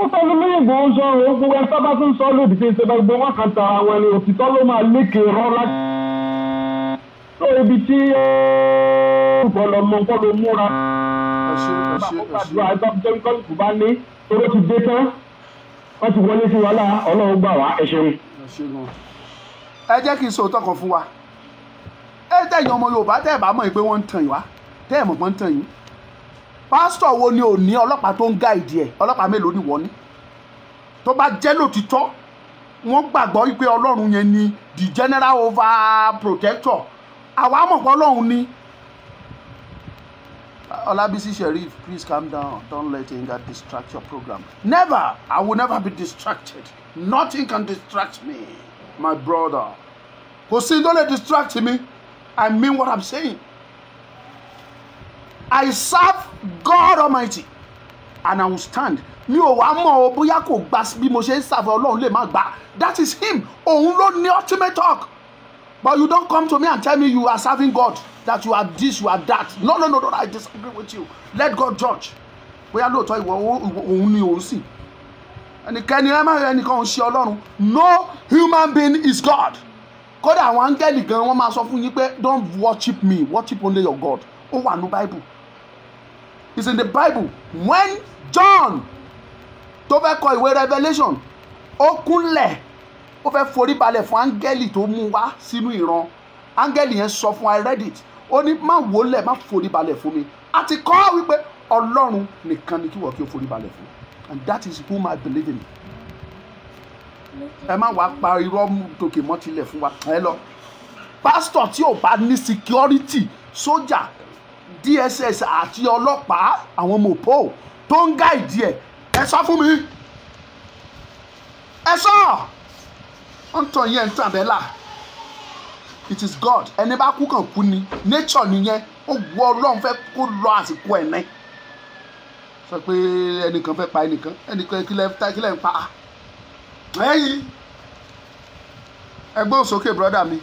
ó sọ ní lóyìnbó ń sọ òun gbogbo ẹni sábà tún sọ lòdì sí ìṣẹ́bẹ̀ gbogbo wọn kan tara wọn ni òtítọ́ ló máa lékè rọ́ láti. tó ibi tí eh, ọ̀pọ̀lọ̀ mọ kọ́ ló múra. ọ̀ṣẹ́ ọ̀ṣẹ́ wọ́n ti wọlé sí wa láà ọlọ́run gbà wá ẹ ṣeun. ẹ jẹ́ kí n sòótọ́ kan fún wa tẹ̀yìn ọmọ Yorùbá tẹ́ ẹ̀ bá mọ̀ pé wọ́n ń tàn yín wá tẹ́ ẹ̀ mọ̀ pé ń tàn yín pásítọ̀ wo ni ò ní ọlọ́pàá tó ń gáìdì ẹ̀ ọlọ́pàá mélòó ni wọ́n ní tó bá jẹ́ lòtítọ́ wọ́n gbàgbọ́ wípé Ọlọ́run yẹn ni the general over protector àwa mọ̀ pé Ọlọ́run ni Olabisi Sheriff, please calm down. Don't let anger distract your program. Never! I will never be distracted. Nothing can distract me, my brother. Kò sí tó lè distract mi. I mean what I'm saying. I serve God Almighty and I will stand. Mi ò wá mọ̀ o bóyá kò gba bí mo ṣe ń sàfẹ́ Ọlọ́run lè má gbà. That is him. Òun ló ní ultimate talk. But you don't come to me and tell me you are serving God that you are this you are that. No no no no I disagree with you. Let God judge. Bóyá lóòótọ́ ìwọ òun ni òun sìn. Ẹnikẹ́ni ẹ má ẹnìkan òun ṣe Ọlọ́run. No human being is God kódà àwọn áńgẹ́lì gan wọ́n máa sọ fún yín pé don't worship me worship only your God ó wà ní bible it's in the bible when John tó fẹ́ kọ ìwé Revelation ó kúnlẹ̀ ó fẹ́ forí balẹ̀ fún áńgẹ́lì tó mú wá sínú ìran áńgẹ́lì yẹn sọ fún i read it ó ní má wólẹ̀ má forí balẹ̀ fún mi àti kọ́ wípé ọlọ́run nìkan ni kí wọ́n kí ó forí balẹ̀ fún and that is whom I believe in ẹ má wàá pa irọ́ tòkè mọ́ tilẹ̀ fún wa ẹ lọ pásítọ̀ tí ò bá ní security sójà DSS àti ọlọ́pàá àwọn mopo tó ń gáìdì ẹ̀ ẹ sọ fún mi ẹ sọ ọ ń tàn yẹn ń tàn bẹ́ẹ̀ là it is God ẹni bá kú kàn kú ni nature nìyẹn ó wọ ọlọ́run fẹ́ kó lọ àsìkò ẹ̀ náà sọ pé ẹnìkan fẹ́ pa ẹnìkan ẹnìkan kílẹ̀ ń pa á. ẹ̀yin ẹgbọ́n sókè broda mi.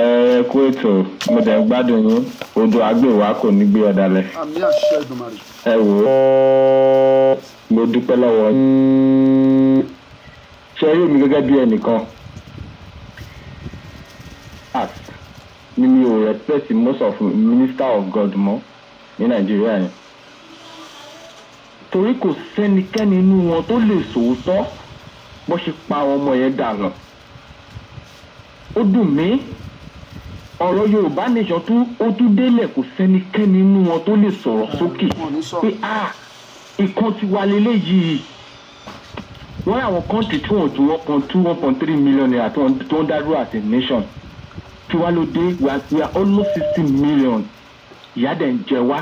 ẹ kú ètò mo dẹ̀ ń gbádùn yín odò kò ní gbé ọ̀dà àmì àṣẹ ẹ wò ó mo dúpẹ́ lọ́wọ́ mi gẹ́gẹ́ bí ẹnìkan ah, ni mi ò most of minister of God mọ́ ní Nàìjíríà yẹn. torí kò sẹ́nikẹ́ni inú wọn tó lè sòótọ́ bó ṣe pa àwọn ọmọ yẹn dànù. ó dùn mí ọ̀rọ̀ yorùbá nation tún ó tún délẹ̀ kò sẹ́nikẹ́ni inú wọn tó lè sọ̀rọ̀ sókè pé a ìkan ti wà lélẹ́yìí wọ́n àwọn kọ́ńtì tí wọ́n ju one point two one point three million naira tó ń dárú as a nation tiwa ló dé we are almost sixty million ìyá dẹ̀ ń jẹ wá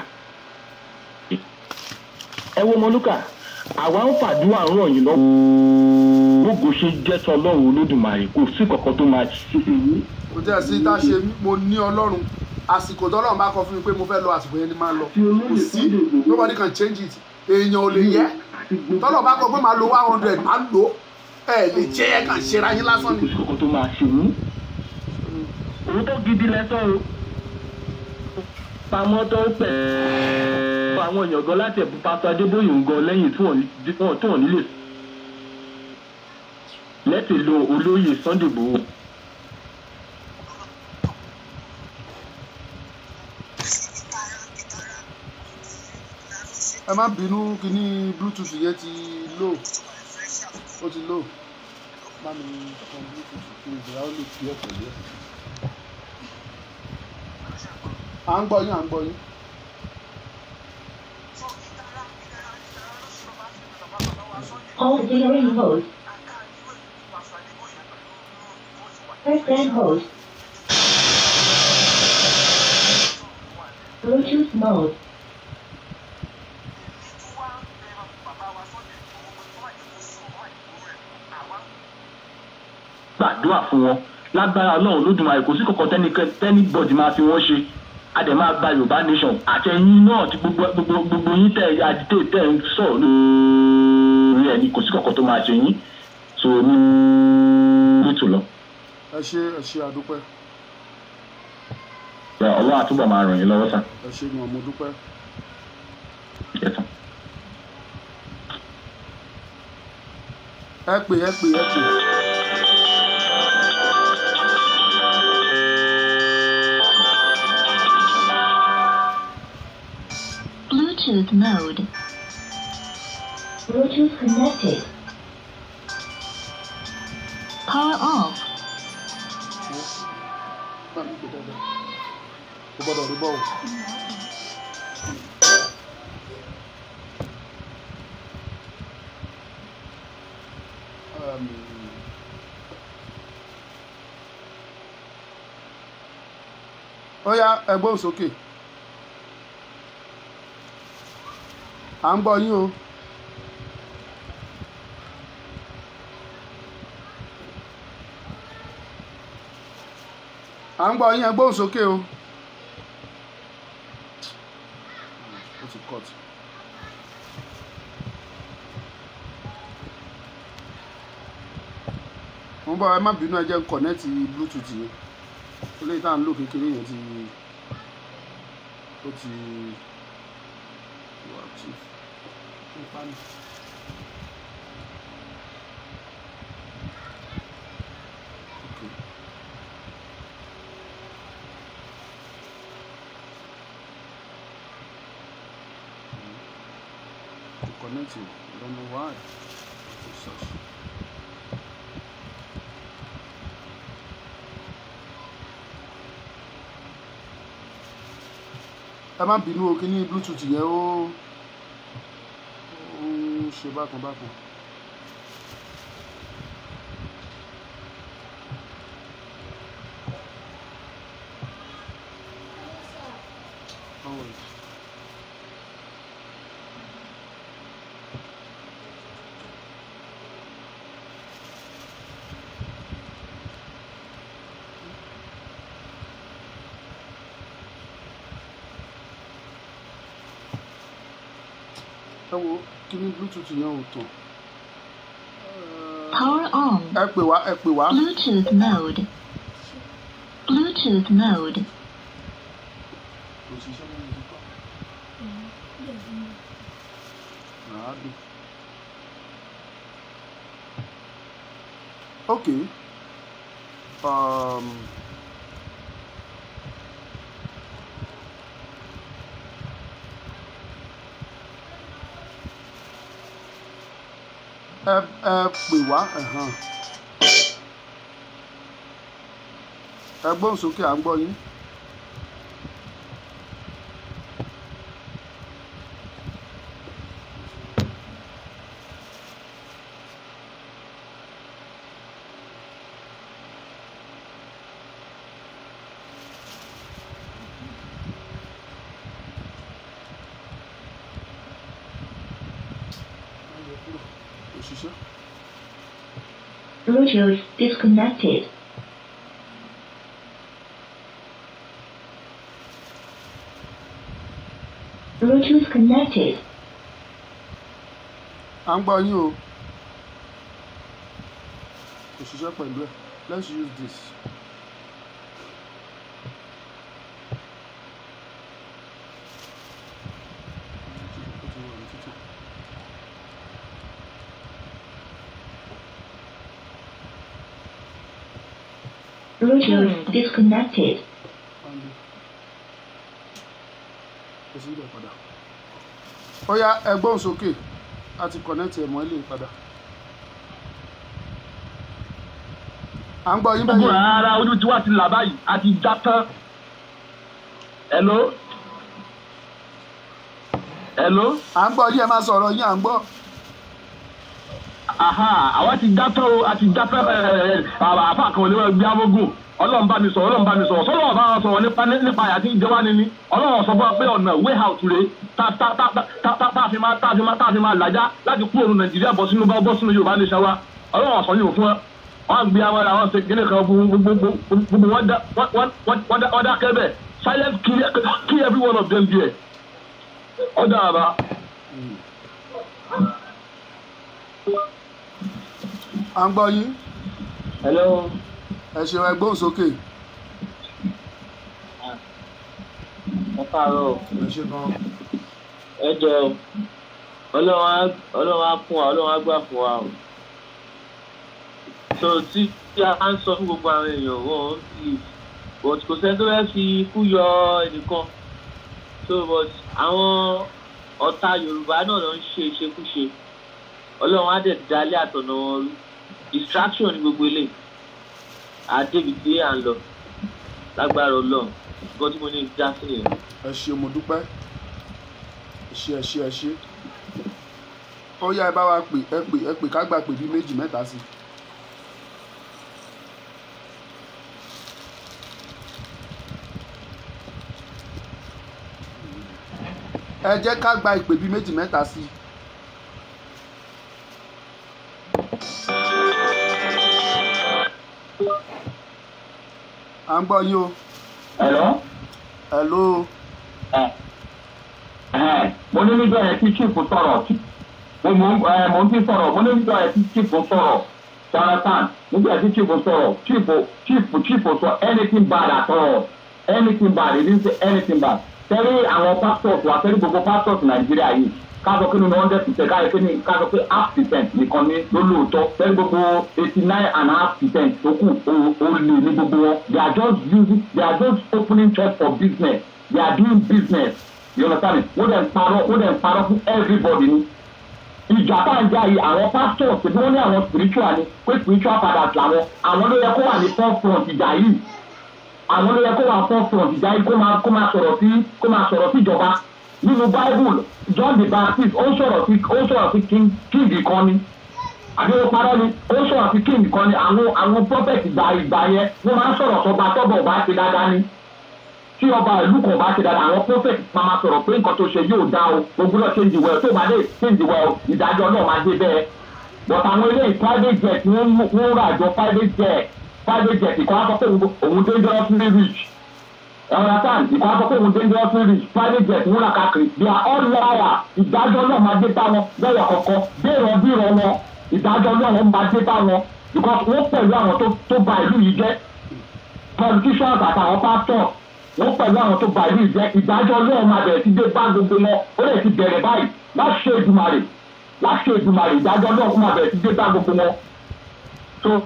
ẹ wo mọlúkà àwa ń fàdúrà ń ràn yín lọ́wọ́ gbogbo ṣe jẹ́ tọlọ́run olódùmarè kò sí kankan tó máa ṣe é kò tẹ́ ẹ sí tá a ṣe mo ní ọlọ́run àsìkò tọ́lọ́run bá kọ fún mi pé mo fẹ́ lọ àsìkò yẹn ni máa lọ kò sí nobody can change it èèyàn ò lè yẹ tọ́lọ́run bá kọ pé máa lo one hundred máa lò ẹ lè jẹ́ ẹ kàn ṣe ra yín lásán ni. kò sí kankan tó máa ṣe yín. òótọ́ gidi lẹ́tọ́ o pamọ́ tó ń pẹ̀ àwọn èèyàn gan láti ẹ̀bùn pásọ adébóyè gan lẹ́yìn tí wọ́n nílé lẹ́tì lo olóyè Sunday Igboho. ẹ má bínú kíní bluetooth yẹn ti lò ó ti lò bá mi tan bluetooth kí n jìyà ó lè fi pẹ̀lú ẹ̀ à ń gbọ́ yín à ń gbọ́ yín. Call the ring host. Press and host. Bluetooth mode. gbàdúrà fún wọn lágbára Ọlọ́run lódùmarè kò sí kọ̀kọ́ tẹ́ni bọ́dì máa fi wọ́n ṣe a dẹ̀ máa gba yorùbá nation àtẹ̀yìn náà ti gbogbo gbogbo yín tẹ̀ àdìtẹ̀ tẹ̀ ń sọ̀rọ̀ lórí ẹni kò sí kọ̀kọ́ tó máa ṣe yín tó ní ètò lọ. ẹ ṣe ẹ ṣe àdúpẹ́. ọlọ́run àtúbọ̀ máa ràn yín lọ́wọ́ sá. ẹ ṣe ni ọmọ dúpẹ́. ẹ tán. ẹ pè ẹ pè ẹ pè. Bluetooth mode. Bluetooth connected. Power off. Um. Oh yeah, ẹgbẹ́ òsókè. Okay. à ń gbọ́ yín o. à ń gbọ́ yín ẹ sókè o. ó ti cut. mo ń bọ̀ ẹ má bínú ẹ jẹ́ ń kọ̀nẹ́ẹ̀tì bluetooth yẹn ó lè tá à ń lò kékeré yẹn ti ó ti chief kó pa connect you. I don't know why. It's such. ẹ má bínú o kí ní bluetooth yẹn ó. 吧，共吧，共。bluetooth yẹn ò tàn. power on. ẹ pè wá ẹ pè wá. bluetooth mode. bluetooth mode. ẹ ẹ pè wá ẹ gbóhùn sókè à ń gbọ́ yín. audio disconnected. Bluetooth connected. À ń gbọ́ yín o. Kò ṣiṣẹ́ pẹ̀lú ẹ̀. Let's use this. Bluetooth hmm. disconnected. Oh yeah, ẹgbọ́n sókè a ti connect ẹ̀ mọ́ ilé padà. à ń gbọ́ yín bẹ́ẹ̀. gbogbo ara ojú tiwa ti là báyìí a hello. hello. I'm going to yín ẹ máa sọ̀rọ̀ aha I want dátọ́ o a ti dátọ́ ẹ ẹ àfa kan ò ní wọ́n ọlọ́run bá mi sọ̀rọ̀ ọlọ́run bá mi sọ̀rọ̀ sọ́lọ́ ọ̀bá wa sọ̀rọ̀ nípa nípa àyà tí níní ọlọ́run sọ pé ọ̀nà way out re tá làjá láti kú òun nàìjíríà bọ́ sínú bọ́ sínú yorùbá nation ọlọ́run sọ yìí fún wa wọ́n gbé àwọn ará wọn ṣe kíní kan gbogbo wọ́n dákẹ́ bẹ́ẹ̀ silent kill every one of them there ọ̀dà àbá. à ń gbọ́ yín. hello ẹ ṣeun ẹ gbóhùn sókè. ẹ káàárọ̀ o. ẹ ṣe gan. ẹ jọ ọlọ́run á fún wa ọlọ́run á gbà fún wa o. sọ tí a ń sọ fún gbogbo àwọn èèyàn wọn ò sì but kò sẹ́ni tó fẹ́ fi ikú yọ ẹnìkan so but àwọn ọ̀tá Yorùbá náà ló ń ṣe ìṣekúṣe ọlọ́run á dẹ̀ dalẹ̀ àtọ̀nà wọn distraction ni gbogbo eléyìí àdébì tí à ń lọ lágbára Ọlọ́run nǹkan tí mo ní dá sí nìyẹn. ẹ ṣé mo dúpẹ́ ẹ ṣé ẹ ṣé ẹ ṣé ó yá ẹ bá wa pè ẹ pè ẹ pè ká gbà pè bí méjì mẹ́ta sí i. ẹ jẹ́ ká gba ìpè bíi méjì mẹ́ta sí i. à ń gbọ́ yín o. hello. hello. ẹ ẹ mo ní níjọ́ yẹn kí chief sọ̀rọ̀ mo ẹ mo ti sọ̀rọ̀ mo ní níjọ́ yẹn kí chief sọ̀rọ̀ charlatan níjọ́ yẹn kí chief sọ̀rọ̀ chief chief chief sọ anything bad at all anything bad he didn't say anything bad tẹ́lẹ̀ àwọn pastors wa tẹ́lẹ̀ gbogbo pastors Nàìjíríà yìí ká sọ pé nínú hundred percent ká yẹ pé ní ká sọ pé half percent nìkan ní lólóòótọ́ lẹ́yìn gbogbo eighty nine and a half percent tó kù ó lè ní gbogbo wọn they are just using they are just opening church for business they are doing business you understand me wọ́n dẹ̀ ń parọ́ wọ́n dẹ̀ ń parọ́ fún everybody ni ìjà tá à ń jà yìí àwọn pastors tí wọ́n ní àwọn spiritual ni pé spiritual fathers làwọn àwọn ló yẹ kó wà ní forefront ìjà yìí àwọn ló yẹ kó wà forefront ìjà yìí kó máa kó máa sọ̀rọ̀ sí kó máa sọ̀rọ̀ sí ìjọba nínú bible john the baptist ó sọ̀rọ̀ sí ó sọ̀rọ̀ sí king king kan ni àbí ó parọ́ ni ó sọ̀rọ̀ sí king kan ni àwọn àwọn prophet gba ìgbà yẹn wọ́n máa ń sọ̀rọ̀ sọba tọ́bọ̀ ọba ti dáadáa ni tí ọba ìlú kan bá ti dáadáa àwọn prophet máa ma sọ̀rọ̀ pé nǹkan tó ṣe yóò dá o ogun náà change the world tó bá dé change the world ìdájọ́ náà máa dé bẹ́ẹ̀ but àwọn eléyìí private jet wọ́n ń rà jọ private jet private jet ìkọ́ akọ́kọ́ òun dangerous rich understand ìfowópamọ́ kò wọ́n dangerous rich private jet wúrà káàkiri they are all liar ìdájọ́ náà máa dé bá wọn lọ́yọ̀ kọ̀ọ̀kan béèrè bírọ̀ wọn ìdájọ́ náà máa dé bá wọn because wọ́n pẹ̀lú àwọn tó ba ìlú yìí jẹ́ politicians àtàwọn pastors wọ́n pẹ̀lú àwọn tó ba ìlú yìí jẹ́ ìdájọ́ náà máa bẹ̀rẹ̀ sí dé bá gbogbo wọn ó lè ti bẹ̀rẹ̀ báyìí láti ṣe ìdùmarè láti ṣe ìdùmarè ìdájọ́ náà kó máa bẹ̀rẹ̀ sí dé bá gbogbo wọn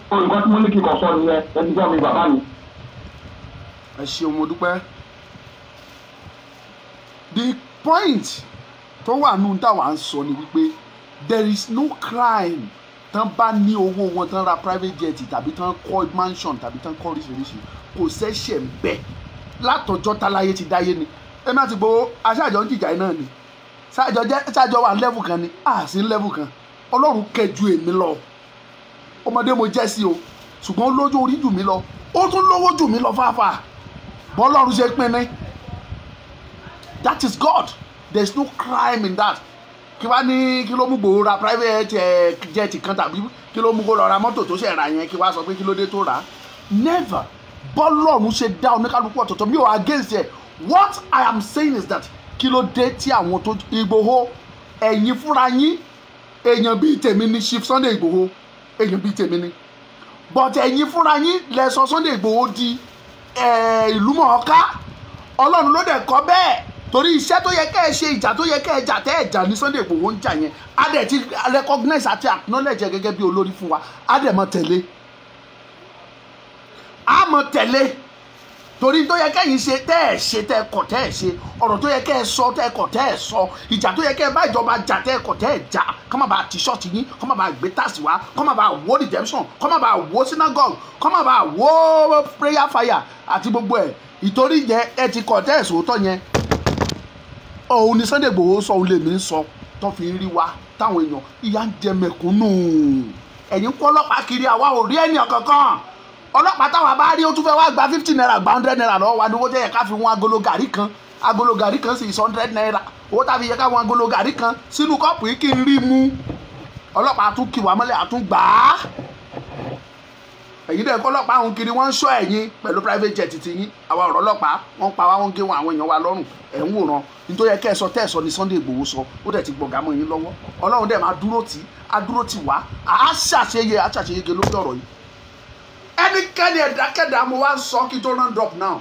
so nǹkan tí mo ní kí n kàn sọ nìyẹn ẹni gbọ́ mi bàbá mi ẹ ṣeun mo dúpẹ́ the point tó wà nù táwa ń sọ ni wípé there is no crime tán bá ní owó wọn tán ra private jet tàbí tán kọ́ mansion tàbí tán kọ́ oríṣiríṣi kò ṣẹ̀ṣẹ̀ ń bẹ̀ látọjọ́ táláyé ti dáyé ni ẹ má ti gbowó aṣáájọ ń jìjà iná ni ṣáájọ jẹ wà lẹ́bù kan ni a sì ń lẹ́bù kan ọlọ́run kẹjú èmi lọ ọmọdé mo jẹ́ sí o ṣùgbọ́n lójú orí jù mí lọ ó tún lówó jù mí lọ fáfáà bọ́lọ́run ṣe pín ní that is God there is no crime in that kí wá ní kí ló mú gbòòrò private eh, jet kan tàbí kí ló mú kó lọ ra mọ́tò tó ṣẹ̀ ra yẹn kí wá sọ pé kí ló dé tó rà á never bọ́lọ́run ṣe dá oníkálukú ọ̀tọ̀ọ̀tọ̀ mi ò against ẹ̀ what I am saying is that kí ló dé tí àwọn tó Ìgbòho ẹ̀yin fúnra yín èèyàn bíi tèmi ni Chief Sunday Ìgbòho èèyàn bíi tèmi ni but ẹ̀yin fúnra yín lẹ Sunday Ìgbòho di Eh, ìlú mọ̀ọ́ká ọlọ́run ló dẹ̀ kọ́ bẹ́ẹ̀ torí iṣẹ́ tó yẹ kẹ́ ẹ ṣe ìjà tó yẹ kẹ́ ẹ jà tẹ́ ẹ jà ní Sunday Igboho ń jà yẹn a dẹ̀ ti recognize àti acknowledge gẹ́gẹ́ bí olórí fún wa a dẹ̀ mọ̀ tẹ̀lé a mọ̀ tẹ̀lé torí tó yẹ kẹ́yìn ṣe tẹ́ ẹ̀ ṣe tẹ́ ẹ kọ̀ tẹ́ ẹ̀ ṣe ọ̀rọ̀ tó yẹ kẹ́ ẹ sọ tẹ́ ẹ kọ̀ tẹ́ ẹ sọ ìjà tó yẹ kẹ́ ẹ bá ìjọba jà tẹ́ ẹ kọ̀ tẹ́ ẹ jà kọ́ má bàa ti ṣọ́ọ̀tì yín kọ́ má bàa gbé táàsì wá kọ́ má bàa wó redemption kọ́ má bàa wó synagogue kọ́ má bàa wó prayer fire àti gbogbo ẹ̀ ìtorí yẹn ẹ ti kọ̀ tẹ́ ẹ sòótọ́ yẹn òun ni Sunday Igboho sọ òun lèmi ń sọ tó fi rí wa táwọn èèyàn ìyà ń jẹ mẹ̀kúnnù ẹ̀yin kọ́ ọlọ́pàá táwa bá rí ó tún fẹ́ wá gba fifty naira gba hundred naira lọ́wọ́ wa ni owó tẹ́ yẹ ká fi wọn agolo gàrí kan agolo gàrí kan sì hundred naira owó tá a fi yẹ ká wọn agolo gàrí kan sínú kọ́ọ̀pù yìí kí n rí mu ọlọ́pàá tún kì wá mọ́lẹ̀ àtún gbà á èyí dẹ̀ kọ́ ọlọ́pàá òun kiri wọ́n ń ṣọ́ ẹ̀yìn pẹ̀lú private jet ti yín àwa ọ̀rọ̀ ọlọ́pàá wọ́n pa wá wọ́n gé wọn àwọn èèyàn wa lọ́rùn ẹ̀ ń wòran nítorí ẹ kẹ́sọ tẹ́sọ ni Sunday Igboho sọ ó dẹ̀ ti gbọ̀gá mọ́ yín lọ́wọ́ ọlọ́run dẹ̀ máa dúró tì á dúró tì wá àá ṣàṣeyẹ àá ṣàṣeyege lórí ọ̀rọ̀ yìí ẹnikẹ́ni ẹ̀dákẹ́dá mo wá ń sọ kí tó round up now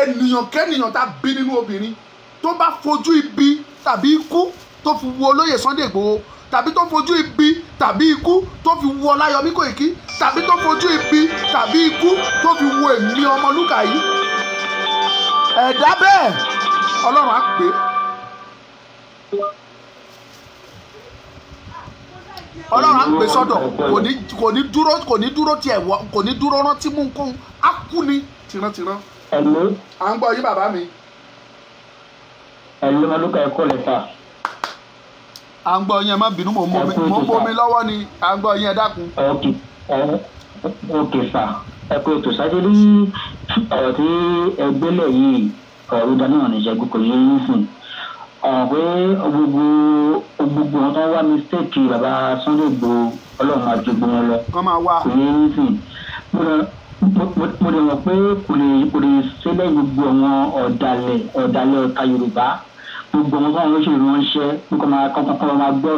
ènìyàn kẹ́nìyàn tá bí nínú obìnrin tó bá fojú ibi tàbí ikú tó fi wo olóyè Sunday Igboho tàbí tó fojú ibi tàbí ikú tó fi wo Ọláyọmí Koiki tàbí tó fojú ibi tàbí ikú tó fi wo èmi Ọmọlúkà yìí ẹ̀dá bẹ́ẹ̀ ọlọ́run á pè é ọlọ́run á gbé sọ́dọ̀ kò ní dúró kò ní dúró tiẹ̀ wọ kò ní dúró rántí mú nǹkan á kú ni tìrantìran. ẹ̀lú. à ń gbọ́ yín bàbá mi. ẹ̀lú olùkọ́ ẹ̀kọ́ lè fà. à ń gbọ́ yín ẹ má bínú mò ń bomi lọ́wọ́ ni à ń gbọ́ yín ẹ dákun. òkè fà ẹ̀kọ́ ètò sájẹ́rí ọ̀rọ̀ tí ẹgbẹ́lẹ̀ yìí ọ̀rọ̀ ìdáná ìjẹ́gun kò yẹ yín fún un ọ̀pẹ gbogbo gbogbo wọn tó wá mistake bàbá Sunday Igboho ọlọ́run máa jogbo wọn lọ. wọ́n máa wá. kò ní í sìn mo lè mọ̀ pé kò lè kò lè sílẹ̀ gbogbo àwọn ọ̀dàlẹ̀ ọ̀dàlẹ̀ ọ̀ka Yorùbá gbogbo àwọn tó ń lóṣèlú ránṣẹ́ nípa máa kọ́kọ́ kọ́ máa gbọ́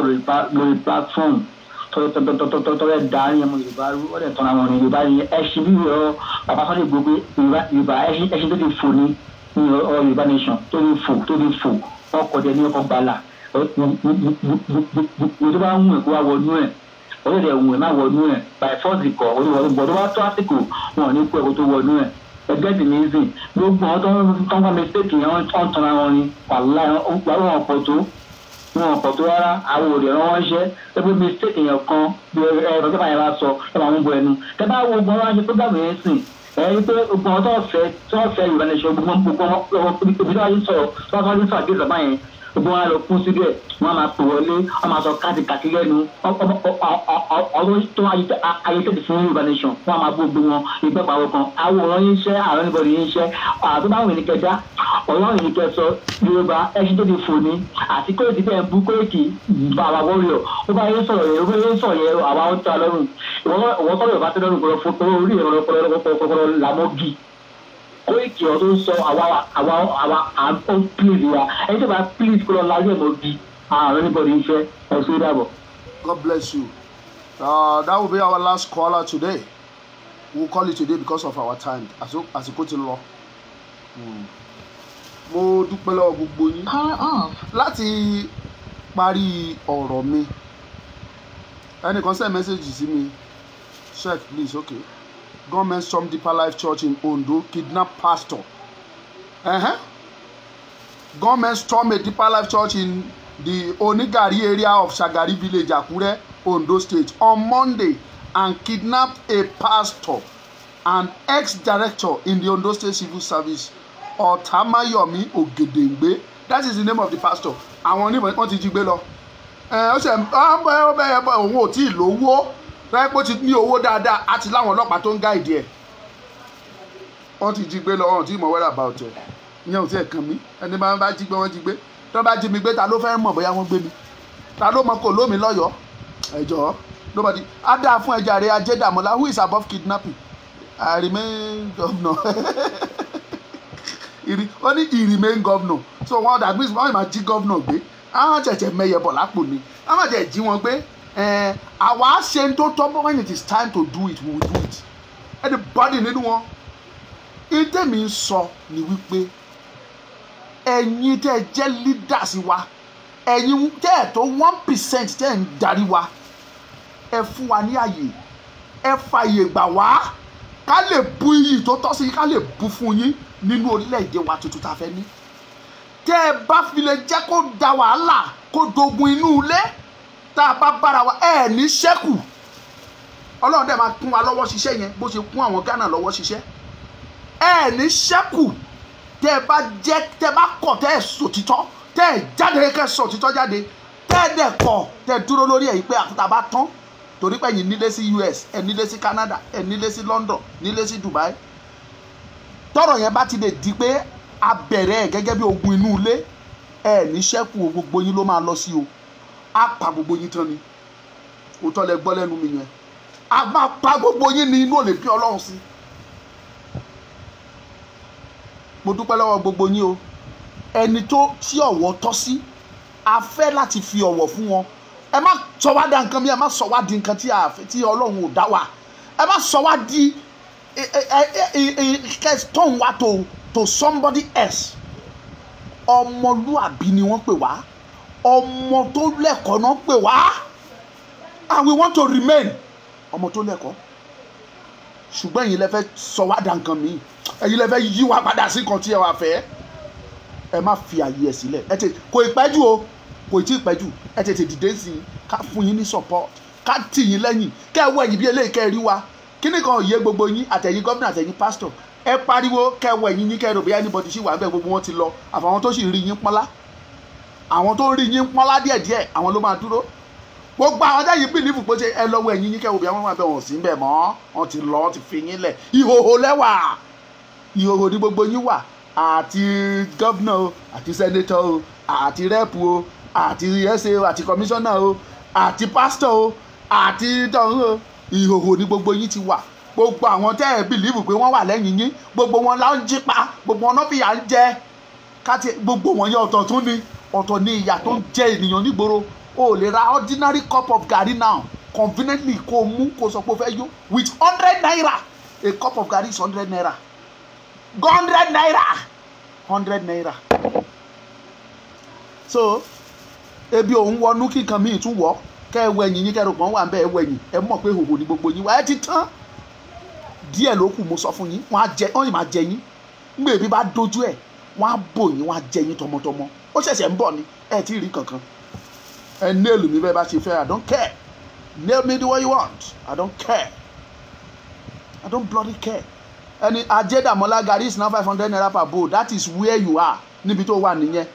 lórí platform tọ́lẹ̀ dá yẹn mo yorùbá rú ọ̀dẹ̀ tán àwọn ọ̀nà yorùbá yẹn ẹṣin bí yọ bàbá sọ́dẹ̀ gbogbo yorùbá ẹṣin tó ti fò ní yorùbá nation tó ti fò tó ti fò ọkọ̀ dẹ̀ ní ọkọ̀ gbala gbogbo bá ń wù ẹ̀ kó wá wọnú ẹ̀ orí rẹ̀ wù ẹ̀ má wọnú ẹ̀ by force kọ̀ orí wọnú bọ̀ tó bá tó àsìkò wọn ò ní kó ẹ̀ kó tó wọnú ẹ̀ ẹgbẹ́ ti ní ìsìn gbogbo àwọn tó ń tán fún mistake yẹn wọ́n tán tanra wọn ni wàhálà wọn ọ̀pọ̀ tó wọn ọ̀pọ̀ tó rárá àwọn òde ẹ̀rọ wọn ṣẹ́ ẹgbẹ́ mistake yẹn kan ẹ̀rọ tó bá yẹn bá sọ ẹ̀ bá wọn bọ ẹnu ẹ bá wo gbọ́n wọn ṣe tó gbàgbé yẹn sìn ẹ̀yin pé nǹkan tó fẹ́ tó fẹ́ Yorùbá nation gbogbo gbogbo ọmọ òbí tó wáyé sọ̀rọ̀ tó wáyé sọ àdéhùn báyẹn gbogbo wọn lọ kún síbẹ̀ wọn máa pè wọlé wọn máa sọ káàtìkàtì lẹ́nu ọ̀rọ̀ tó ayétẹ́tì fún yorùbá nation wọn máa gbogbo wọn ìgbẹ́ pàwọ́ kan àwòrán yín ṣẹ́ àrùn níbọ̀dì yín ṣẹ́ àtúbáwọn ènìyàn kẹjá ọlọ́run yìí kẹsọ yorùbá ẹ̀ṣinjẹ́bi fòní àti kóòtù bẹ́ẹ̀ bú kóòtù bàbá wọ́ọ̀yọ̀ ó bá yẹ sọ̀rọ̀ yẹ ó bá yẹ sọ̀rọ̀ yẹ àwọn tó alọ́run ìwọ́n sọ̀rọ̀ yorùbá tó lọ́rùn kọ̀ọ̀rọ̀ orí ìrọ̀lọ́kọ̀ọ́rọ̀ làmọ́gì Koiki ọ̀tún ń sọ àwa àwa àwa à please wa ẹni tó bá please kúrò lájú ẹ̀ mọ́ bí ààrẹ níbọ̀dì iṣẹ́ ọ̀sùn ìdàbọ̀. God bless you. Uh, that will be our last caller today. We'll call it today because of our time. Àsìkò ti lọ. Hmm. Mo dúpẹ́ lọ́wọ́ gbogbo yín. Láti parí ọ̀rọ̀ mi, ẹnìkan send message sí mi. Check please, okay government some deeper life church in ondo kidnap pastor uh-huh. government storm a deeper life church in the onigari area of sagari village akure ondo state on monday and kidnapped a pastor and ex-director in the ondo state civil service otamayomi ogedengbe that is the name of the pastor àwọn onímọ̀ wọ́n ti jí gbé lọ ẹ̀ ọ́ sẹ̀ ọ́ bẹ́ẹ̀ òun ò tí ì lówó tọ́yẹ́ pé ó ti ní owó dáadáa á láwọn ọlọ́pàá tó ń gáìdì ẹ̀ wọ́n ti jí gbé lọ ọ̀hún tí mo wẹ́rà bá ọ̀tẹ̀ ìyẹn ò tí ẹ̀ kàn mí ẹni máa ń bá jí gbé wọ́n jí gbé tí wọ́n bá jí mi gbé ta ló fẹ́ mọ̀ bóyá wọ́n gbé mi ta ló mọ kò lómi lọ́yọ̀ọ́ ẹ̀jọ̀ nobody á fún ẹja rẹ̀ ajé dàmọ́lá who is above kidnapping I remain governor <laughs> ó ní he remain governor so wọ́n dàgbé wọ́n máa jí governor gbé àwọn tẹ̀tẹ̀ mẹyẹ bọ̀ lápò ni àwọn tẹ̀ jí wọn gbé Eh, àwa ṣe ń tó tọ́ when it is time to do it we will do it ẹni bọ́dì nínú wọn ìtẹ̀mí ń sọ ni wípé ẹ̀yin tẹ́ ẹ jẹ́ leaders wa ẹ̀yin tẹ́ ẹ tó one percent tẹ́ ẹ ń wa ẹ fún wa ní àyè ẹ fàyè gbà wá ká lè bu iyì tó tọ́ sí ká lè bu fún yín nínú orílẹ̀-èdè wa tuntun tá a fẹ́ ní tẹ́ ẹ bá fi lè kó da wàhálà kó dogun inú ilé tá a bá bára wa ẹ ní ṣẹ́kù ọlọ́run dẹ̀ máa kún wa lọ́wọ́ ṣiṣẹ́ yẹn bó ṣe kún àwọn Ghana lọ́wọ́ ṣiṣẹ́ ẹ ní ṣẹ́kù tẹ́ ẹ bá jẹ́ tẹ́ ẹ bá kọ̀ tẹ́ ẹ sòtítọ́ tẹ́ ẹ jáde kẹ́ ẹ sòtítọ́ jáde tẹ́ ẹ dẹ̀ kọ̀ tẹ́ ẹ dúró lórí ẹ̀ yìí pé àkútà bá tán torí pé ẹ̀yin nílé sí US ẹ̀ nílé sí Canada ẹ̀ nílé sí London nílé sí Dubai tọ́rọ̀ yẹn bá ti lè di pé a bẹ̀rẹ̀ ẹ̀ gẹ́gẹ́ bí ogun inú ilé ẹ̀ ní ṣẹ́kù gbogbo yín ló máa lọ sí o á pa gbogbo yín tán ni òótọ́ lẹ gbọ́ lẹ́nu mi yẹn a máa pa gbogbo yín ní inú ò lè bí ọlọ́run sí mo dúpẹ́ lọ́wọ́ gbogbo yín o ẹni tó tí ọ̀wọ̀ tọ́ sí a fẹ́ láti fi ọ̀wọ̀ fún wọn ẹ má sọ wá da nǹkan mi ẹ má sọ wá di nǹkan tí ọlọ́run ò dá wa ẹ má sọ wá di kẹ́tọ́n wa to to somebody else ọmọlúàbí ni wọ́n pè wá ọmọ tó lẹ́kọ̀ọ́ náà pè wá and we want to remain ọmọ tó lẹ́kọ̀ọ́ ṣùgbọ́n ẹ̀yin lẹ fẹ́ sọ wá dànkan mi ẹ̀yin lẹ fẹ́ yí wa padà sí kan tí ẹ wà fẹ́ ẹ má fi àyè ẹ sílẹ̀ ẹ tètè kò ì pẹ́jù o kò ì tí ì pẹ́jù ẹ tètè dìde sí i ká fún yín ní support ká tì yín lẹ́yìn kẹ́ ẹ wọ ẹ̀yìn bí eléyìí kẹ́ ẹ rí wa kíní kan òye gbogbo yín àtẹ̀yìn gómìnà àtẹ̀yìn pásítọ̀ ẹ pariwo kẹ́ ẹ wọ ẹ̀yìn yín kẹ́ ẹ rò bí anybody ṣì wà ń bẹ̀ gbogbo wọn ti lọ àfàwọn tó sì rí yín pọ́nlá àwọn tó ń rí yín pọ́nlá díẹ̀ díẹ̀ àwọn ló máa dúró gbogbo àwọn tẹ́yìn bìlífù pé ṣe ẹ lọ́wọ́ ẹ̀yìn yín kẹ́wọ́ bí wọ́n máa bẹ̀ wọ́n sí bẹ̀ mọ́ wọ́n ti lọ wọ́n ti fi yín lẹ̀ ìhòhò lẹ́wà ìhòhò ní gbogbo yín wà àti gọ́vnà o àti sẹ́nétọ̀ o àti rẹ́pù o àti ẹ̀sẹ̀ o àti kọmíṣánná o àti pásítọ̀ o àti dọ̀hún o ìhòhò ní gbogbo yín ti wà gbogbo àwọn tẹ́ ẹ̀ bìlíìfù pé wọ́n wà lẹ́yìn yín gbogbo wọn la ń jí pa gbogbo wọn náà fìyà ń jẹ káti gbogbo wọn yẹn ọ̀tọ̀ tún ni ọ̀tọ̀ ni ìyà tó ń jẹ ènìyàn nígboro o lè ra ordinary cup of garri now conveniently kó o mú kó sọ pé o fẹ́ yó with hundred naira a cup of garri is hundred naira Go hundred naira hundred naira so ebi òun wọnú kíkan míì tún wọ kẹ ẹ wẹ̀yìn yín kẹrù pọ́n wà ń bẹ ẹ wẹ̀yìn ẹ mọ̀ pé hòhò ni gbogbo yín wà ẹ ti tán díẹ̀ ló kù mo sọ fún yín wọ́n á jẹ wọ́n yìí máa jẹ yín ngbèbí bá dojú ẹ̀ wọ́n á bò yín wọ́n á jẹ yín tọmọtọmọ ó ṣẹ̀ṣẹ̀ ń bọ̀ ni ẹ ti rí kankan ẹ nail mi bẹ́ẹ̀ bá ṣe fẹ́ i don't care nail me the way you want i don't care i don't bloody care ẹni ajédàmọ́lá garri is now five hundred naira per bowl that is where you are níbi tó wà nìyẹn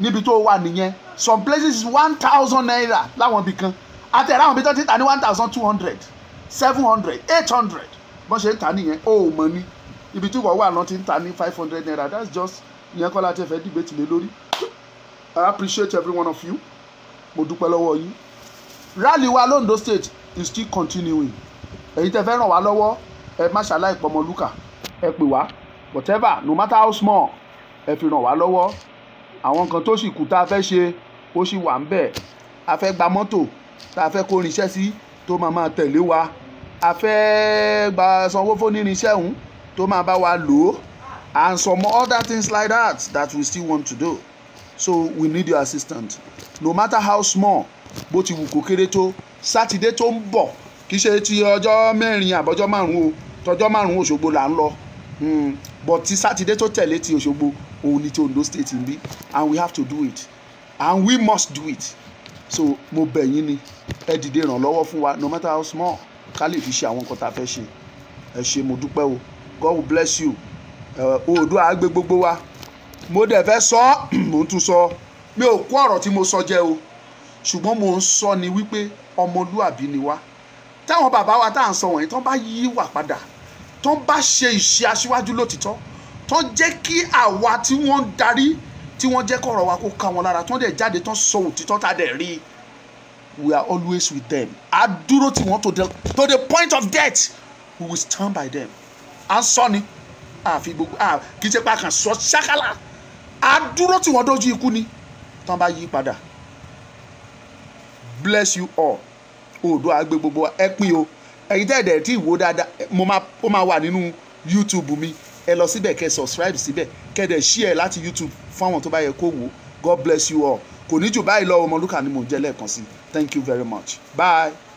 níbi tó wà nìyẹn some places is one thousand naira láwọn ibì kan àtẹ̀rẹ́ àwọn ibi tó ti tà ní one thousand two hundred seven hundred eight hundred bọ́n ṣe ń tà nìyẹn ó mọ̀ ní ibi tí wọ́n wà náà ti ń tà ní five hundred naira that's just ìyẹn kọ́ láti ẹ̀fẹ̀ dìbètì lé lórí i appreciate every one of you mo dúpẹ́ lọ́wọ́ yín rally wa londo state is still continuing èyí tẹ́ fẹ́ ràn wá lọ́wọ́ ẹ má ṣàlàyé pọmọlúkà ẹ pè wá whatever no matter how small ẹ fi ràn wá lọ́wọ́ àwọn nǹkan tó sì kù tá a fẹ́ ṣe ó sì wà ń bẹ̀ a fẹ́ gba mọ́tò tá a fẹ́ kó rinṣẹ́ sí tó máa máa tẹ̀lé wa a fẹ́ gba sanwó fún nírinṣẹ́ òun tó máa bá wa lò ó and some other things like that that we still want to do so we need your assistance no matter how small bó ti wù kó kéré tó sátidé tó ń bọ̀ kì í ṣe ti ọjọ́ mẹ́rin àbọ̀jọ́ márùn-ún o tọjọ́ márùn-ún Òṣogbo là ń lọ hmm, but ti sátidé tó tẹ̀lé ti Òṣogbo òun ni ti Ondo state ń bí and we have to do it and we must do it so mo bẹ̀ yín ni ẹ dìde ìrànlọ́wọ́ fún wa no matter how small ká lè fi ṣe àwọn nǹkan tá a fẹ́ ṣe ẹ ṣé mo dúpẹ́ o God will bless you. Eh, Oòduà á gbogbo wa mo dẹ̀ fẹ́ sọ <clears throat> mo tún sọ mi ò kó ọ̀rọ̀ tí mo sọ jẹ́ o ṣùgbọ́n mo ń sọ ni wípé ọmọlúàbí ni wá táwọn bàbá wa tá à ń sọ wọ̀nyí tán bá yí wà padà tán bá ṣe ìṣe aṣíwájú lótìtọ́ tán jẹ́ kí àwa tí wọ́n ń darí tí wọ́n jẹ́ kọ̀rọ̀ wa kó ka wọn lára tán dẹ̀ jáde tán sọ òtítọ́ tá a dẹ̀ rí we are always with them a dúró tí wọ́n to the point of death we will stand by them And ń sọ ni. So àfi gbogbo kì í ṣe pa kàn sọ ṣákálà á dúró tí wọ́n dójú ikú ni tán bá yí padà bless you all oòdùà àgbẹ̀ gbogbo ẹ pín o ẹ̀yin tẹ́ẹ̀dẹ̀ tí ìwò dáadáa mo ó máa wà nínú youtube mi ẹ lọ síbẹ̀ kẹ́ subscribe síbẹ̀ kẹ́ dẹ̀ share láti youtube fún àwọn tó bá yẹ kó wò god bless you all kò ní jù báyìí lọ Ọmọlúkà ni mò ń jẹ́ lẹ́ẹ̀kan sí thank you very much bye.